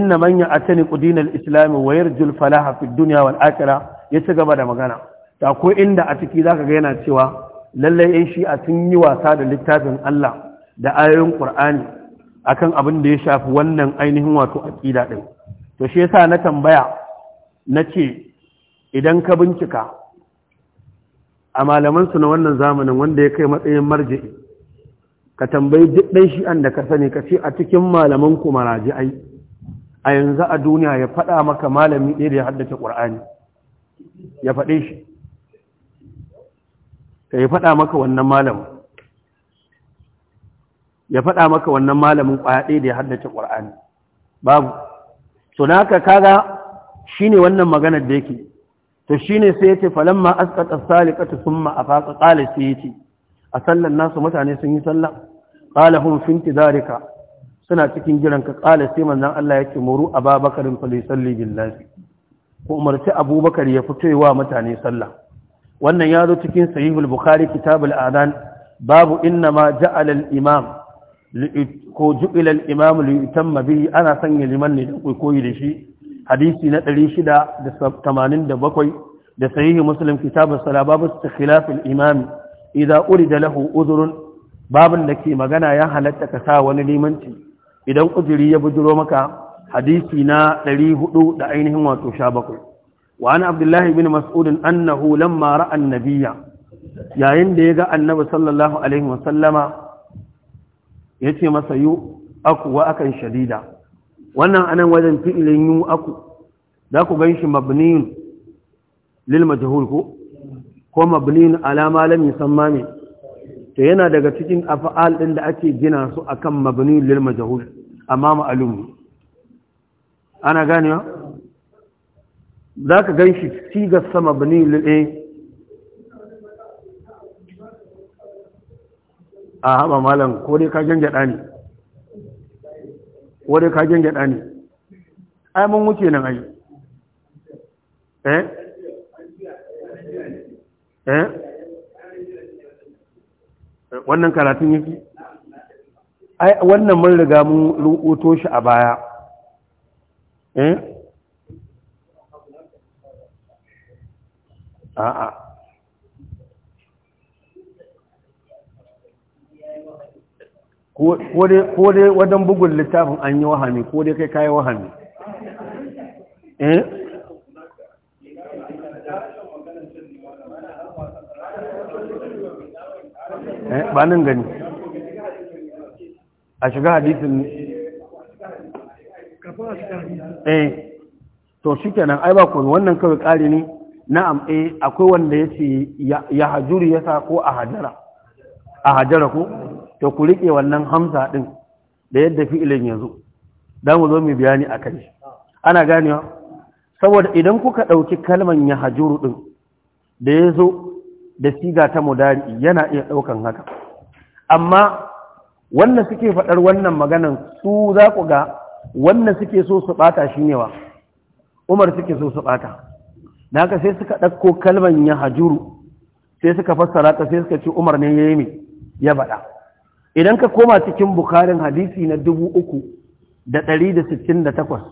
inna man ya atani qudinal islam wa yarjul falaha fid dunya wal akhirah ya ci gaba da magana ta ko inda a ciki zaka ga yana cewa lallai yan shi'a sun yi wasa da littafin Allah da ayoyin Qur'ani akan abin da ya shafi wannan ainihin wato aqida din to shi yasa na tambaya nace idan ka bincika a malaman na wannan zamanin wanda ya kai matsayin marji'i ka tambayi duk dan shi'an da ka sani ka ce a cikin malaman ku maraji'ai a yanzu a duniya ya faɗa maka malami ɗaya da ya haddace Qur'ani ya faɗe shi ka yi faɗa maka wannan malamin ya faɗa maka wannan malamin ɗaya da ya haddace ƙwar'ani babu so na haka kaga shi ne wannan maganar da yake to shi ne sai ya ce falamma askata salikata sun ma'afaka ƙala sai ya ce a sallan nasu mutane sun yi sallah ƙala hun zarika suna cikin jiran ka ƙala sai manzan Allah ya ce muru a babakarin falisalli billahi ko umarci abubakar ya fito wa mutane sallah wannan ya zo cikin sahihul bukhari kitabul adhan babu inna ma ja'ala al imam ko ju'ila al imam li yutamma bihi ana sanya liman ne da koyi da shi hadisi na 687 da sahihi muslim kitabul sala babu istikhilaf al imam idza urida lahu udhrun babin da ke magana ya halatta ka sa wani limanci idan uzuri ya bujiro maka hadisi na 400 da ainihin wato 17 wa an abdullahi bin mas'udin annahu lamma ra'a annabiyya yayin da ya ga annabi sallallahu alaihi wa yace masa yu aku akan shadida wannan anan wajen fi'ilin yu aku za ku ganshi mabniun lil majhul ko ko mabniun ala ma lam to yana daga cikin af'al din da ake gina su akan mabniun lil majhul amma ma'lum ana ganewa za ka gan shi sigar sama ni lil'e a haɓa malam ko dai kajen gyaɗa ne ko dai kajen gyaɗa ne ai mun wuce nan ai eh eh wannan karatun yake ai wannan mun riga mun rubuto shi a baya eh a'a ko dai wajen bugun littafin an yi wahami ko dai kai kayi wahami eh? eh ba nan gani a shiga hadisin eh to shi kenan ai ba kuma wannan kawai ƙari ne na'am eh akwai wanda yace ya hajuri ya sa ko a hajara a hajara ko to ku rike wannan hamsa ɗin da yadda fi'ilin ya zo mu zo mu bayani a shi ana ganewa saboda idan kuka ɗauki kalman ya hajuru ɗin da yazo da siga ta mudari yana iya ɗaukan haka amma wannan suke faɗar wannan maganan su za ku ga wannan suke so su bata shi ne wa umar suke so su bata. da haka sai suka ɗauko kalban ya hajuru sai suka fassara ta sai suka ce umar ne ya yi mai ya baɗa idan ka koma cikin bukarin hadisi na dubu uku da ɗari da sittin da takwas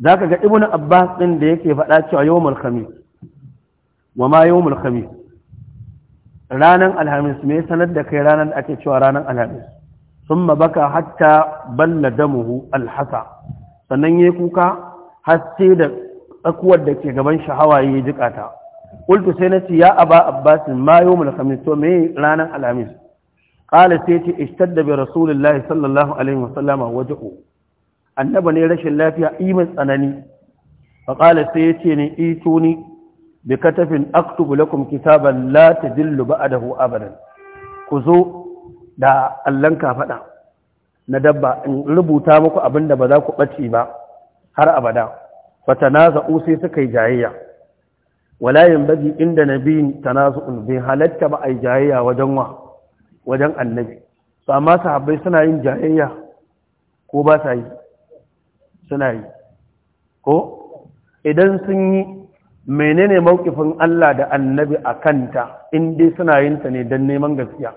za ka ga ibn abbas ɗin da yake faɗa cewa yau mulkami wa ma yau mulkami ranar alhamis me sanar da kai ranar da ake cewa ranar alhamis sun baka hatta balla damuhu alhasa sannan ya kuka har sai da tsakuwar da ke gaban shi hawaye ya jikata qultu sai nace ya aba abbas ma yawmul khamis to me ranan alhamis qala sai ce ishtadda bi rasulillahi sallallahu alaihi wasallama wajhu annaba ne rashin lafiya iman tsanani fa qala sai yace ne ituni bi katafin aktubu lakum kitaban la tadillu ba'dahu abadan ku zo da allan kafada na dabba in rubuta muku abinda ba za ku bace ba har abada fatanaza'u sai suka yi jayayya wala yanbaghi inda nabiyin tanazu'un bi halatta ba ai jayayya wajen wa wajen annabi to amma sahabbai suna yin jayayya ko ba sa yi suna yi ko idan sun yi menene mawkifin Allah da annabi a kanta in dai suna yin ta ne dan neman gaskiya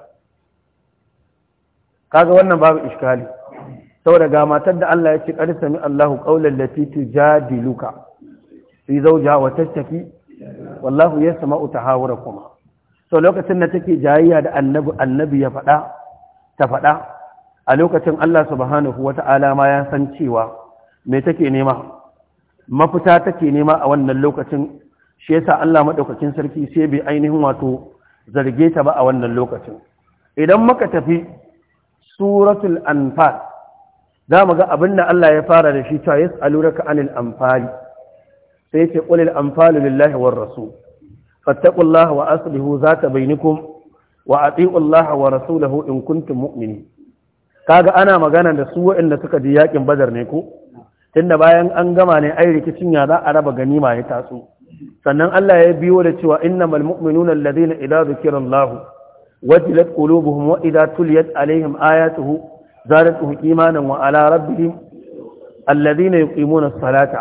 kaga wannan babu iskali saboda ga matar da Allah ya ce qad sami Allahu qawlan lati tujadiluka fi zawjiha wa tashtaki wallahu yasma'u Kuma. so lokacin da take jayayya da annabi annabi ya faɗa ta faɗa a lokacin Allah subhanahu wata'ala ma ya san cewa me take nema mafita take nema a wannan lokacin shi yasa Allah madaukakin sarki sai bai ainihin wato zarge ta ba a wannan lokacin idan muka tafi suratul anfal za mu ga abin da Allah ya fara da shi cewa yas'alunaka anil amfani? sai yake qulil amfani lillahi war rasul fattaqullaha wa aslihu zata baini wa atiiu Allah wa rasulahu in kuntum mumini kaga ana magana da su waɗanda suka ji yakin badar ne ko tunda bayan an gama ne ai rikicin ya za a raba ganima ya taso sannan Allah ya biyo da cewa innamal mu'minuna alladhina idza dhukira Allah wajilat qulubuhum wa idza tuliyat alaihim ayatuhu زادتهم إيمانا وعلى ربهم الذين يقيمون الصلاة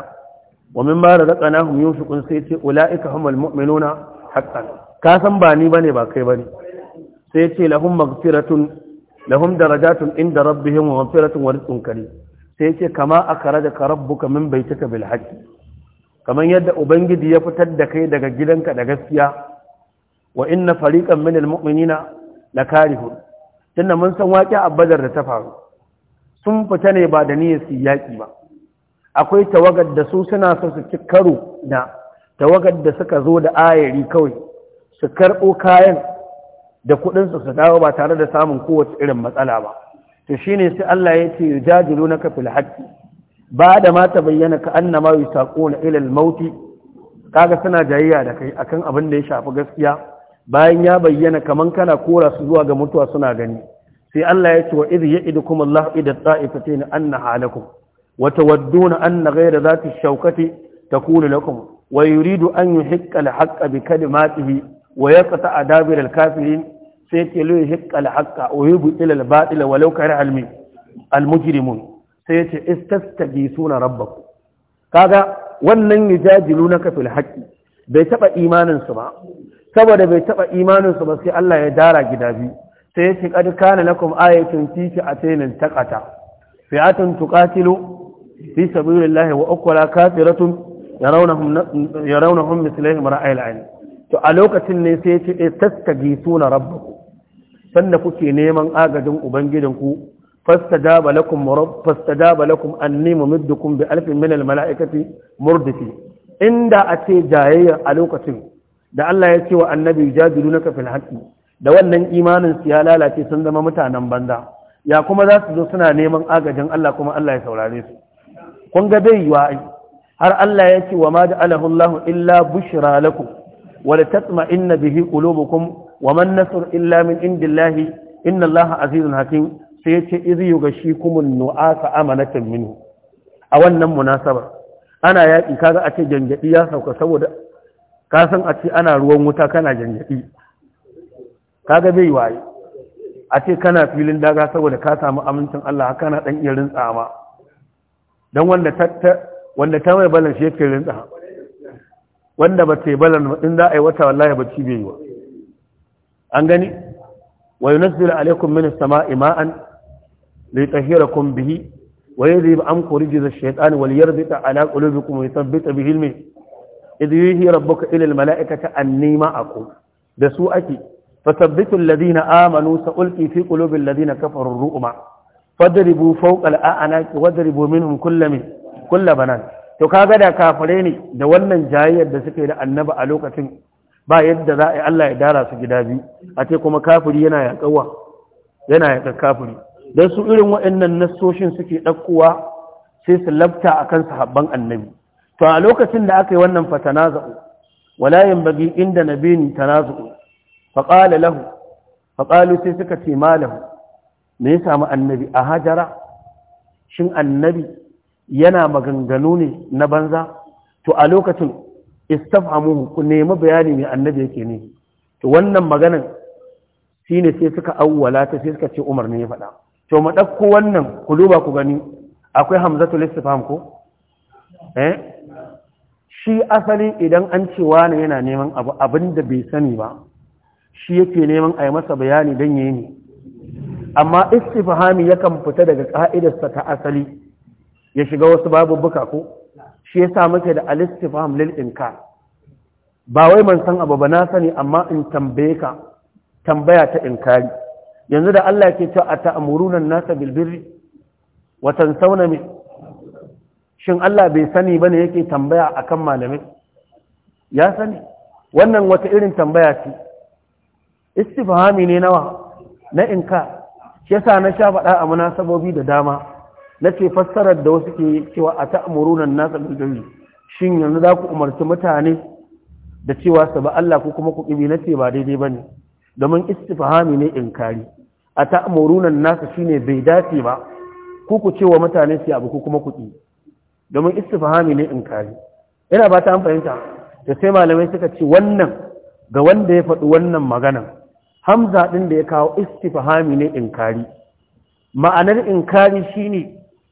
ومما رزقناهم ينفقون سيتي أولئك هم المؤمنون حقا كاسم باني بني باكي بني سيتي لهم مغفرة لهم درجات عند ربهم ومغفرة ورزق كريم سيتي كما أخرجك ربك من بيتك بالحج كما يد أبنجد يفتدك دك جدنك دك السياح وإن فريقا من المؤمنين لكارهون tunda mun san waƙi a badar da ta faru sun fita ne ba da niyyar su yaƙi ba akwai tawagar da su suna so su ci karo da tawagar da suka zo da ayari kawai su karɓo kayan da kuɗinsu su dawo ba tare da samun kowace irin matsala ba to shine sai Allah ya ce na fil haqqi ba da ma ta bayyana ka annama yusaquna na ilal mauti kaga suna jayayya da kai akan abin da ya shafi gaskiya bayan ya bayyana kaman kana kora su zuwa ga mutuwa suna gani sai Allah ya ce wa idh ya'idukum Allah idh ta'ifatayn anna halakum wa tawadduna anna ghayra dhati shawkati takunu lakum wa yuridu an yuhiqqa al-haqqa bi kalimatihi wa yaqta'a dabir al-kafirin sai ce lu yuhiqqa al-haqqa wa yubtila al-batila walau kariha al-mujrimun sai ce istastagisuna rabbakum kaga wannan na fil haqqi bai taba imanin su ba saboda bai taba imanin su ba sai Allah ya dara gida biyu sai ya ce qad kana lakum ayatun fi fi'atayn taqata fi'atun tuqatilu fi sabilillahi wa ukhra kafiratun yarawnahum yarawnahum mislihim ra'ayil ayn to a lokacin ne sai ya ce eh, tastagisuna rabbakum sanda kuke neman agajin ubangijinku fastajaba lakum rabb fastajaba lakum anni mumiddukum bi alfin min al mala'ikati murdifi inda a ce jayayya a lokacin da Allah ya ce wa annabi na kafin haqqi da wannan imanin su ya lalace sun zama mutanen banza ya kuma za su zo suna neman agajin Allah kuma Allah ya saurare su kun ga bai yiwa har Allah ya ce wa ma ja'alahu Allahu illa bushra lakum wa latatma'inna bihi qulubukum wa man nasr illa min indillahi inna Allaha azizun hakim sai yace idh yughashikumun nu'asa amanatan minhu a wannan munasabar ana yaƙi kaga a ce jangadi ya sauka saboda ka san a ce ana ruwan wuta kana janyaɗi kaga bai waye a ce kana filin daga saboda ka samu amincin Allah haka dan iya rintsa dan wanda ta wanda ta mai balan shi yake rintsa wanda ba ta balan in za a yi wata wallahi bacci bai yi wa an gani wa yunzilu alaikum min as-sama'i ma'an litahhirakum bihi ويذهب عنكم رجز الشيطان وليربط kuma قلوبكم ويثبت به المين idh yuhi rabbuka ila al mala'ikati anni ma'akum da su ake fasabbitu alladhina amanu sa'ulqi fi qulubi alladhina kafaru ru'uma fadribu fawqa al a'naqi wadribu minhum kullamin kullu banan to kaga da kafare ne da wannan jayayyar da suke da annaba a lokacin ba yadda za a yi Allah ya dara su gida biyu a ce kuma kafiri yana yaƙa kafiri don su irin waɗannan nassoshin suke ɗaukowa sai su labta a kan sahabban annabi to a lokacin da aka yi wannan za'u wala yin bagi inda na na za'u faqala lahu faƙalu sai suka ce malahu me ya samu annabi a hajara shin annabi yana maganganu ne na banza to a lokacin istafhamuhu ku nemi bayani mai annabi yake ne to wannan maganan ne sai suka auwala ta sai suka ce Umar ne ya faɗa to mu ɗauko wannan ku duba ku gani akwai hamzatul istifham ko eh? shi asali idan an ce wani yana neman abu abin da bai sani ba shi yake neman a yi masa bayani don yi ne amma istifahami kan fita daga ka'idarsa ta asali ya shiga wasu babubuka ko shi ya sa muke da alistifham lil inka ba wai man san abu ba na sani amma in tambaye ka tambaya ta inkari yanzu da Allah ke cewa a an-nasa bilbirri Watan wa tansawna shin Allah bai sani bane yake tambaya akan malamai? ya sani wannan wata irin tambaya ce istifhami ne nawa na inka Ya yasa na sha faɗa a munasabobi da dama nace fassarar da wasu ke cewa a ta'muruna nasa bil shin yanzu za ku umarci mutane da cewa su ba Allah ko kuma ku kibi nace ba daidai bane domin istifhami ne inkari a ta'muruna nasa shine bai dace ba ku ku wa mutane su abu ko kuma ku kibi domin fahami ne in kari ina ba ta an fahimta da sai malamai suka ce wannan ga wanda ya faɗi wannan maganan hamza ɗin da ya kawo istifhami ne in kari ma'anar in kari ne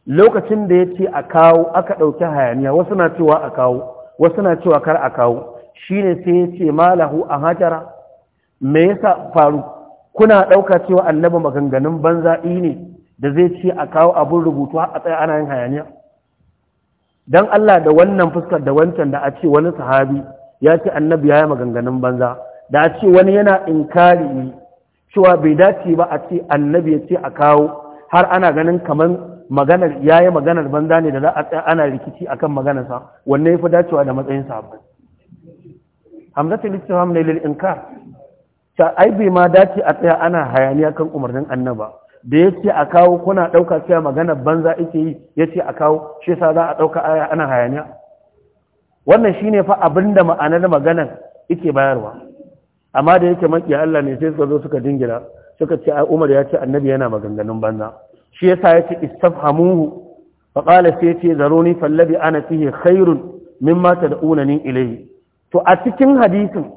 lokacin da ya ce a kawo aka ɗauki hayaniya wasu na cewa a kawo wasu na cewa kar a kawo shi ne sai ya ce malahu a hajara me yasa faru kuna ɗauka cewa annaba maganganun banza ne da zai ce a kawo abin rubutu a tsaya ana yin hayaniya dan Allah da wannan fuskar da wancan da a ce wani sahabi ya ce annabi ya yi maganganun banza da a ce wani yana inkari ne cewa bai dace ba a ce annabi ya ce a kawo har ana ganin kamar maganar ya yi maganar banza ne da za a tsaya ana rikici akan maganarsa wanne ya fi dacewa da matsayin sahabbai hamzatu listifam ne lil inkar ta ai bai ma dace a tsaya ana hayaniya kan umarnin annaba da ya ce a kawo kuna ɗauka cewa magana banza ake yi ya ce a kawo shi sa za a ɗauka aya ana hayaniya wannan shi ne fa abin da ma'anar maganar ike bayarwa amma da yake maƙiya Allah ne sai suka zo suka dingira suka ce ai Umar ya ce annabi yana maganganun banza shi yasa ya ce istafhamuhu Hamuhu qala sai ce zaruni fallabi ana fihi khairun mimma tad'unani ilayhi to a cikin hadisin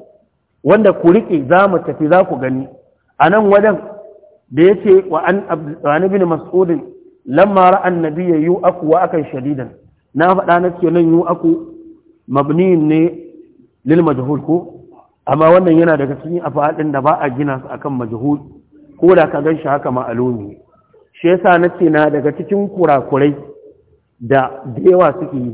wanda ku rike za mu tafi za ku gani a nan wajen da yake wa an abdan ibn mas'ud lamma ra'a an yu'aku wa akan shadidan na faɗa na ce nan yu'aku mabni ne lil majhul ko amma wannan yana daga cikin afadin da ba a gina su akan majhul ko da ka gan shi haka ma'alumi shi yasa nace na daga cikin kurakurai da dewa suke yi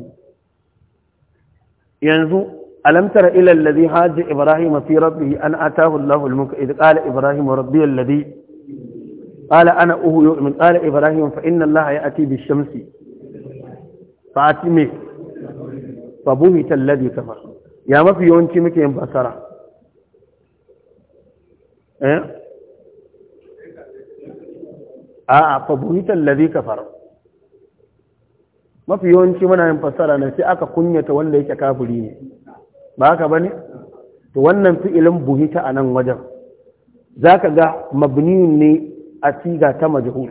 yanzu tara ila allazi Haji ibrahim fi rabbihi an atahu allahul mulk idh qala ibrahim rabbiyal ladhi qala ana uhu yu'min qala ibrahim fa inna allaha ya'ti bish-shamsi fa fa buhita alladhi kafar ya mafi yawanci muke yin fasara a'a fa buhita alladhi kafar mafi yawanci muna yin fasara ne sai aka kunyata wanda yake kafiri ne ba haka bane to wannan fi'ilin buhita a nan wajen za ka ga mabniyun ne a siga ta majhul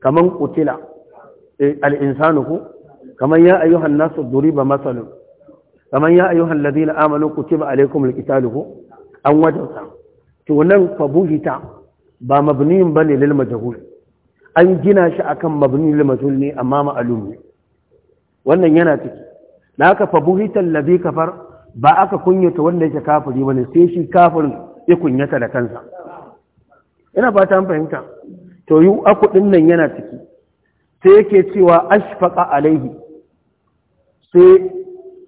kaman qutila eh, al-insanu ku kaman ya ayyuhan nasu duriba masalun kaman ya ayyuhan ladina amanu kutiba alaykumul qitalu ku an wajauta to nan fa buhita ba mabniyin bane lil majhul an gina shi akan mabni lil majhul ne amma ma'lum ne wannan yana ciki da aka fa buhita alladhi kafar ba aka kunyata wanda yake kafiri bane sai shi kafirin ya kunyata da kansa ina fata an fahimta to yi aku ɗin nan yana ciki sai yake cewa ashfaqa alaihi sai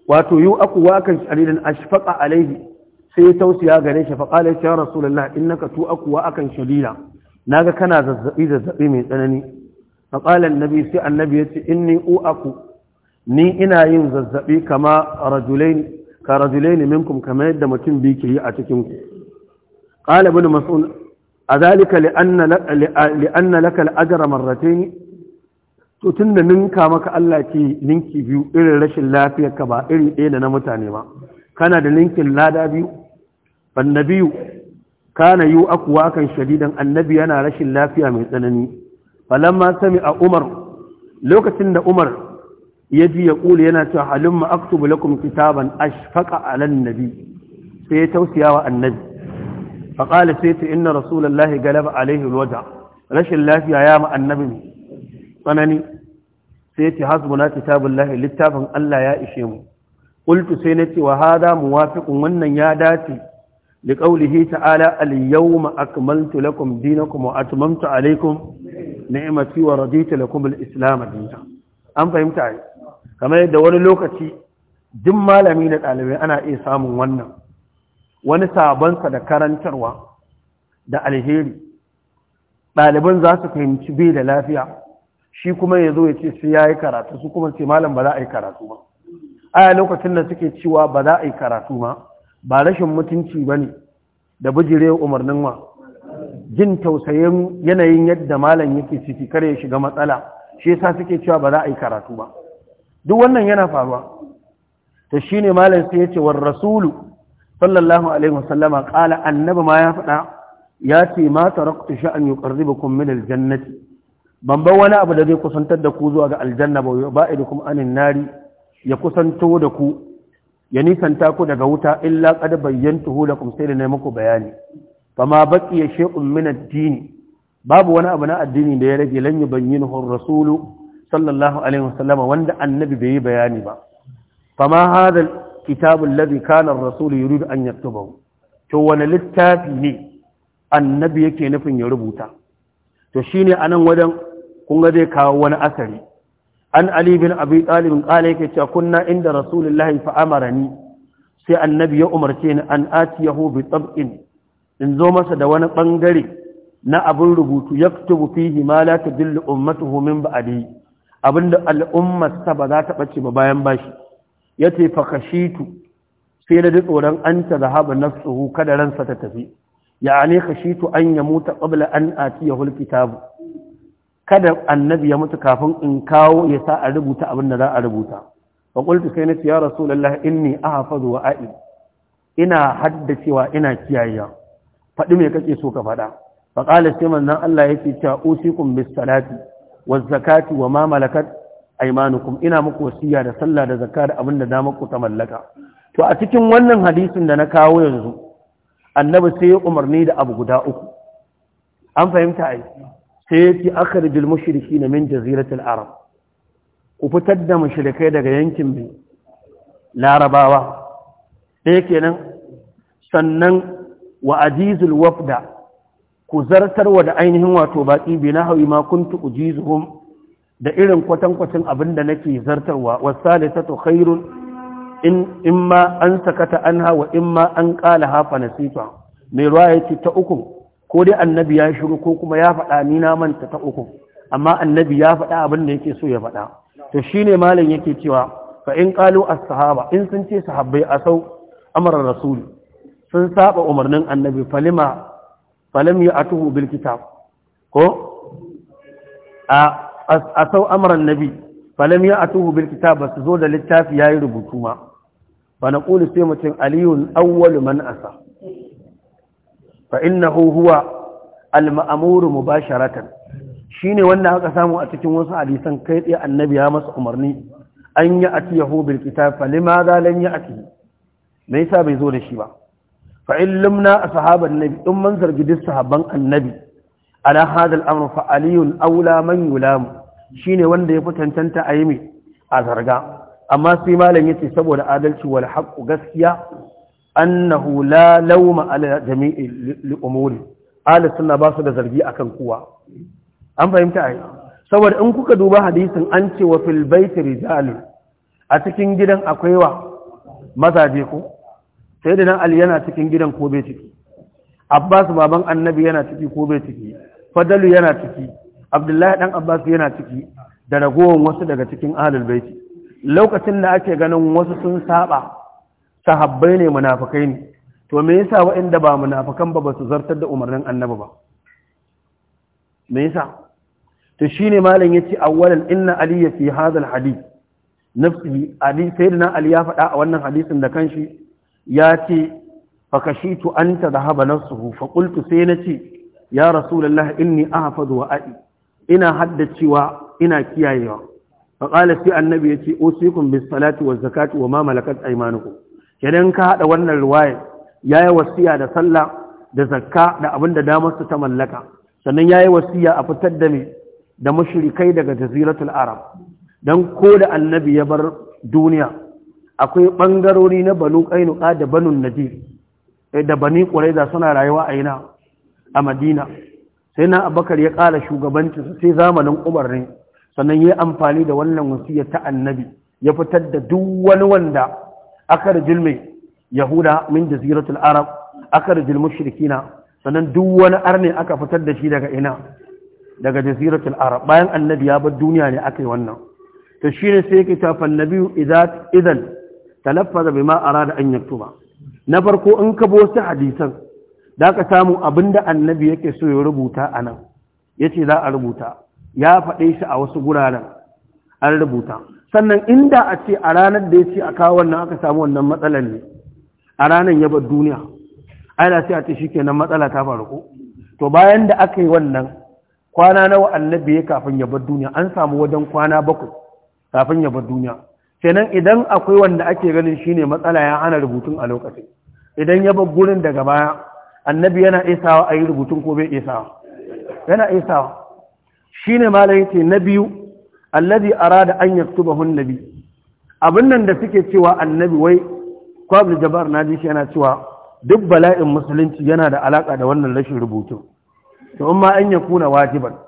wato yi aku wakan sharidan ashfaqa alaihi sai ya tausaya gare shi faƙala ya rasulullah innaka tu aku wa akan Na naga kana zazzabi zazzabi mai tsanani faƙala annabi sai annabi ya ce inni u aku ni ina yin zazzabi kama rajulaini ka rajulaini minkum kama yadda mutum biyu ke yi a cikin ku qala ibn mas'ud a zalika li'anna laka al'ajara marratayn to tunda ninka maka Allah ke ninki biyu irin rashin lafiyar ka ba irin ɗaya da na mutane ba kana da ninkin lada biyu annabiyu kana yu akwa kan shadidan annabi yana rashin lafiya mai tsanani falamma sami a umar lokacin da umar ya ji ya kula yana cewa halumma aktubu lakum kitaban ashfaqa ala annabi sai ya wa annabi faƙali sai ta inna rasulallahi galaba alaihi waja rashin lafiya ya ma annabi tsanani sai ta hasbuna kitabullahi littafin Allah ya ishe mu qultu sai na ce wa hada muwafiqun wannan ya dace li qawlihi ta'ala al yawma akmaltu lakum dinakum wa atmamtu alaykum ni'mati wa raditu lakum an fahimta ai kamar yadda wani lokaci duk malami da ɗalibai ana iya samun wannan wani sabonsa da karantarwa da alheri ɗaliban za su fahimci bai da lafiya shi kuma ya zo ya ce sai ya yi karatu su kuma ce malam ba za a yi karatu ba aya lokacin da suke cewa ba za a yi karatu ma ba rashin mutunci ba ne da bijire umarnin ma jin tausayin yanayin yadda malam yake ciki kar ya shiga matsala shi yasa suke cewa ba za a yi karatu ba duk wannan yana faruwa to shine malam sai ya ce war rasulu sallallahu alaihi wasallama qala annabi ma ya faɗa ya ce ma taraktu sha'an yuqarribukum min aljannati ban bar wani abu da zai kusantar da ku zuwa ga aljanna ba ba'idukum anin nari ya kusanto da ku ya nisanta ku daga wuta illa qad bayyantuhu lakum sai da na muku bayani fama baqiya shay'un min ad babu wani abu na addini da ya rage lan yubayyinahu ar-rasulu sallallahu alaihi wasallama wanda annabi bai yi bayani ba fama hadal kitabul ladhi kana ar-rasul yuridu an yaktubahu to wani littafi ne annabi yake nufin ya rubuta to shine anan wajen kun zai kawo wani asari an ali bin abi talib kala yake cewa kunna inda rasulullahi amara ni. sai annabi ya umarce ni an aci ya bi tab'in in zo masa da wani bangare na abin rubutu yaktubu fihi ma tuhumin tadillu ummatuhu da ba'di abinda al'ummar sa ba za ta ɓace ba bayan bashi ya ce fakashitu sai da tsoron an ta zahaba nafsuhu kada ransa ta tafi ya ne kashitu an ya mutu qabla an atiya hul kada annabi ya mutu kafin in kawo ya sa a rubuta abin da za a rubuta fa qultu sai ce ya rasulullah inni ahfazu wa a'i ina haddacewa ina kiyayewa faɗi me kake so ka faɗa fa qala sai manzon Allah yake cewa usikum bis salati waz zakati wa ma malakat aimanukum ina muku wasiya da sallah da zakka da abin da dama ku ta mallaka to a cikin wannan hadisin da na kawo yanzu annabi sai ya umarni da abu guda uku an fahimta ai sai ya ce akhrijul mushrikin min jaziratil arab ku fitar da mushrikai daga yankin bi larabawa sai kenan sannan wa ajizul wafda ku da ainihin wato baki bi nahawi ma kuntu ujizuhum da irin kwatankwacin abin da nake zartarwa ta khairun in ma an sakata anha in ma an kala hafa nasifa mai ruwa ce ta uku ko dai annabi ya shiru ko kuma ya faɗa ni na manta ta uku amma annabi ya faɗa abin da yake so ya faɗa to shine malam yake cewa fa in qalu as-sahaba in sun ce sahabbai asau amara rasul sun saba umarnin annabi falima falam ya'tuhu bil kitab ko a asau amuran nabi falam ya atuhu bil kitab su zo da littafi yayi rubutu ma Bana naqulu sai mutum aliyun awwal man asa fa innahu huwa al ma'mur mubasharatan shine wanda aka samu a cikin wasu hadisan kai tsaye annabi ya masa umarni an ya atiyahu bil kitab fa limadha yi ya atihi me yasa bai zo da shi ba fa in limna ashaban nabi in man zargi duk sahabban annabi ala Hadal, Amru, fa aliyun aula man yulamu shine wanda ya fi tantanta a yimi a zarga amma sai malam yace saboda adalci wal haqqu gaskiya annahu la lauma ala jami'i al'umuri ahli sunna ba su da zargi akan kowa an fahimta ai saboda in kuka duba hadisin an ce wa fil baiti rijalu a cikin gidan akwai wa mazaje ko sai da ali yana cikin gidan ko bai ciki abbas baban annabi yana ciki ko bai ciki fadalu yana ciki abdullahi dan abbas yana ciki da ragowar wasu daga cikin ahlul baiti lokacin da ake ganin wasu sun saba sahabbai ne munafikai ne to me yasa waɗanda ba munafikan ba ba su zartar da umarnin annabi ba me yasa to shine malam yace awwalan inna ali fi hadha alhadith nafsi ali sayyidina ali ya faɗa a wannan hadisin da kanshi ya ce fakashitu anta dhahaba nafsuhu fa qultu sai ce ya rasulullah inni ahfadu wa a'i ina haddacewa ina kiyayewa fa qala sai annabi yace usikum bis salati waz zakati wa ma malakat aymanukum idan ka hada wannan riwaya yayi wasiya da sallah da zakka da abin da damar su ta mallaka sannan yayi wasiya a fitar da me da mushrikai daga jaziratul arab dan ko da annabi ya bar duniya akwai bangarori na banu qainuqa da banu nadir eh, da bani quraiza suna rayuwa a ina a madina sai na abakar ya ƙara shugabancinsa sai zamanin umar ne sannan ya amfani da wannan wasiya ta annabi ya fitar da duk wani wanda aka rijil mai yahuda min jaziratul arab aka rijil mushrikina sannan duk wani arne aka fitar da shi daga ina daga jaziratul arab bayan annabi ya bar duniya ne aka yi wannan to shine sai yake ta fannabi idan talaffaza bima arada an yaktuba na farko in ka bo su hadisan da ka samu da annabi yake so ya rubuta a nan ya ce za a rubuta ya faɗe shi a wasu guraren an rubuta sannan inda a ce a ranar da ya ce a kawo wannan aka samu wannan matsalar ne a ranar ya bar duniya ana sai a ce shi nan matsala ta faru ko to bayan da aka yi wannan kwana nawa annabi ya kafin ya bar duniya an samu wajen kwana bakwai kafin ya bar duniya kenan idan akwai wanda ake ganin shine matsala ya hana rubutun a lokacin idan ya bar gurin daga baya annabi yana isawa a yi rubutun ko bai isawa yana isawa shi ne malayi ce na biyu allazi arada an yaktubahun nabi abin nan da suke cewa annabi wai kwabul jabar na ji shi yana cewa duk bala'in musulunci yana da alaka da wannan rashin rubutu to in ma an ya kuna wajiban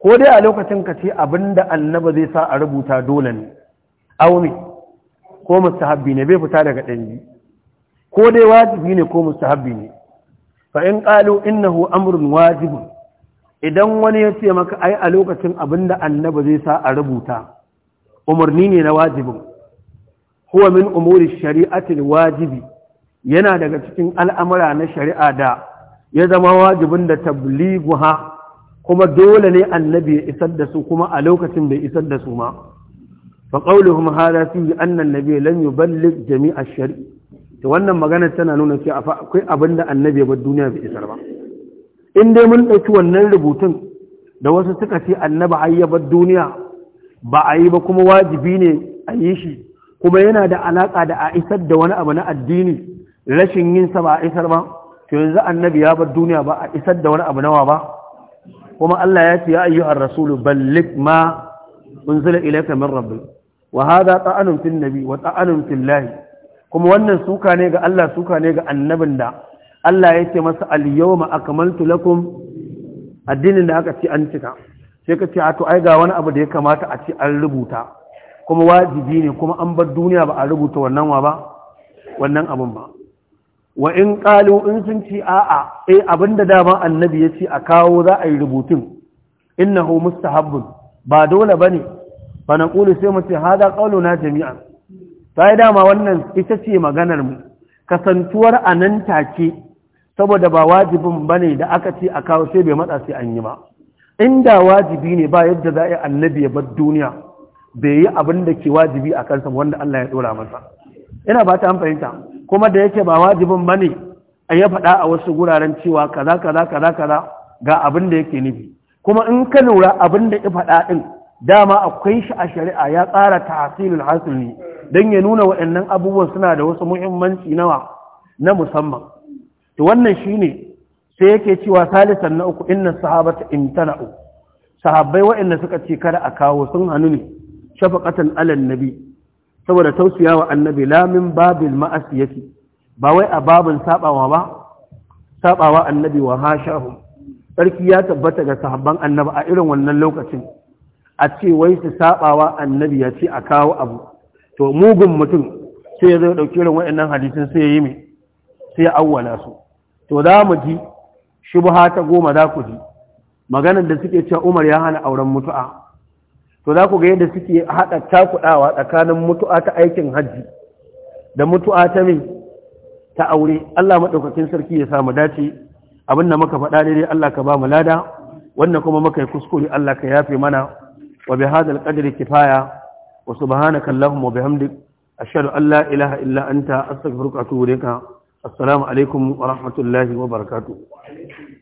ko dai a lokacin ka ce abinda annaba zai sa a rubuta dole ne aumi ko mustahabbi ne bai fita daga danji ko dai wajibi ne ko mustahabbi ne fa in qalu innahu amrun idan wani ya ce maka ai a lokacin abinda annabi zai sa a rubuta umarni ne na wajibin huwa min umuri shari'atin wajibi yana daga cikin al'amura na shari'a da ya zama wajibin da tabliguha kuma dole ne annabi ya isar da su kuma a lokacin bai isar da su ma fa qawluhum hadha fi anna an lam yuballigh jami'a shari'a to wannan maganar tana nuna cewa akwai abin da annabi ba duniya bai isar ba in dai mun ɗauki wannan rubutun da wasu suka ce ya ayyabar duniya ba a yi ba kuma wajibi ne a yi shi kuma yana da alaƙa da a isar da wani abu na addini rashin yin sa ba a isar ba to yanzu annabi ya bar duniya ba a isar da wani abu nawa ba kuma Allah ya ce ya ayyuhar rasulu balligh ma unzila ilayka min rabbik wa hadha ta'anun fil nabi wa ta'anun fil lahi kuma wannan suka ne ga Allah suka ne ga annabin da Allah ya ce masa al-yawma akmaltu lakum addinin da aka ci an cika sai ka ce a to ai ga wani abu da ya kamata a ci an rubuta kuma wajibi ne kuma an bar duniya ba a rubuta wannan wa ba wannan abun ba wa in qalu in sun ci a'a eh abinda dama annabi ya ce a kawo za a yi rubutun innahu mustahabbun ba dole bane Bana naqulu sai mu ce hada qawluna jami'an sai dama wannan ita ce maganar mu kasantuwar anan take saboda ba wajibin bane da aka ce a kawo sai bai matsa sai an yi ba inda wajibi ne ba yadda za a yi annabi ya bar duniya bai yi abin da ke wajibi a kansa wanda Allah ya dora masa ina ba ta an fahimta kuma da yake ba wajibin bane a ya faɗa a wasu guraren cewa kaza kaza kaza kaza ga abin da yake nufi kuma in ka lura abin da ya faɗa ɗin dama akwai shi a shari'a ya tsara tahsilul hasil ne don ya nuna waɗannan abubuwan suna da wasu muhimmanci nawa na musamman to wannan shine sai yake cewa salisan na uku inna sahabata imtana'u sahabbai waɗanda suka ce kada a kawo sun hannu ne shafaqatan alal nabi saboda tausiyawa annabi la min babil ma'asiyati ba wai a babin sabawa ba sabawa annabi wa hashahu sarki ya tabbata ga sahabban annabi a irin wannan lokacin a ce wai su sabawa annabi ya ce a kawo abu to mugun mutum sai ya zai ɗauki irin waɗannan hadisin sai ya yi mai sai ya auwala su to za mu ji shubha ta goma za ku ji maganar da suke cewa Umar ya hana auren mutu'a to za ku ga yadda suke haɗa takuɗawa tsakanin mutu'a ta aikin hajji da mutu'a ta mai ta aure Allah maɗaukakin sarki ya samu dace abin da muka faɗa daidai Allah ka ba mu lada wannan kuma muka yi kuskure Allah ka yafe mana wa bi hadal qadri kifaya wa subhanaka allahumma wa bihamdik ashhadu an la ilaha illa anta astaghfiruka wa atubu ilaik assalamu alaikum wa rahmatullahi wa barakatu.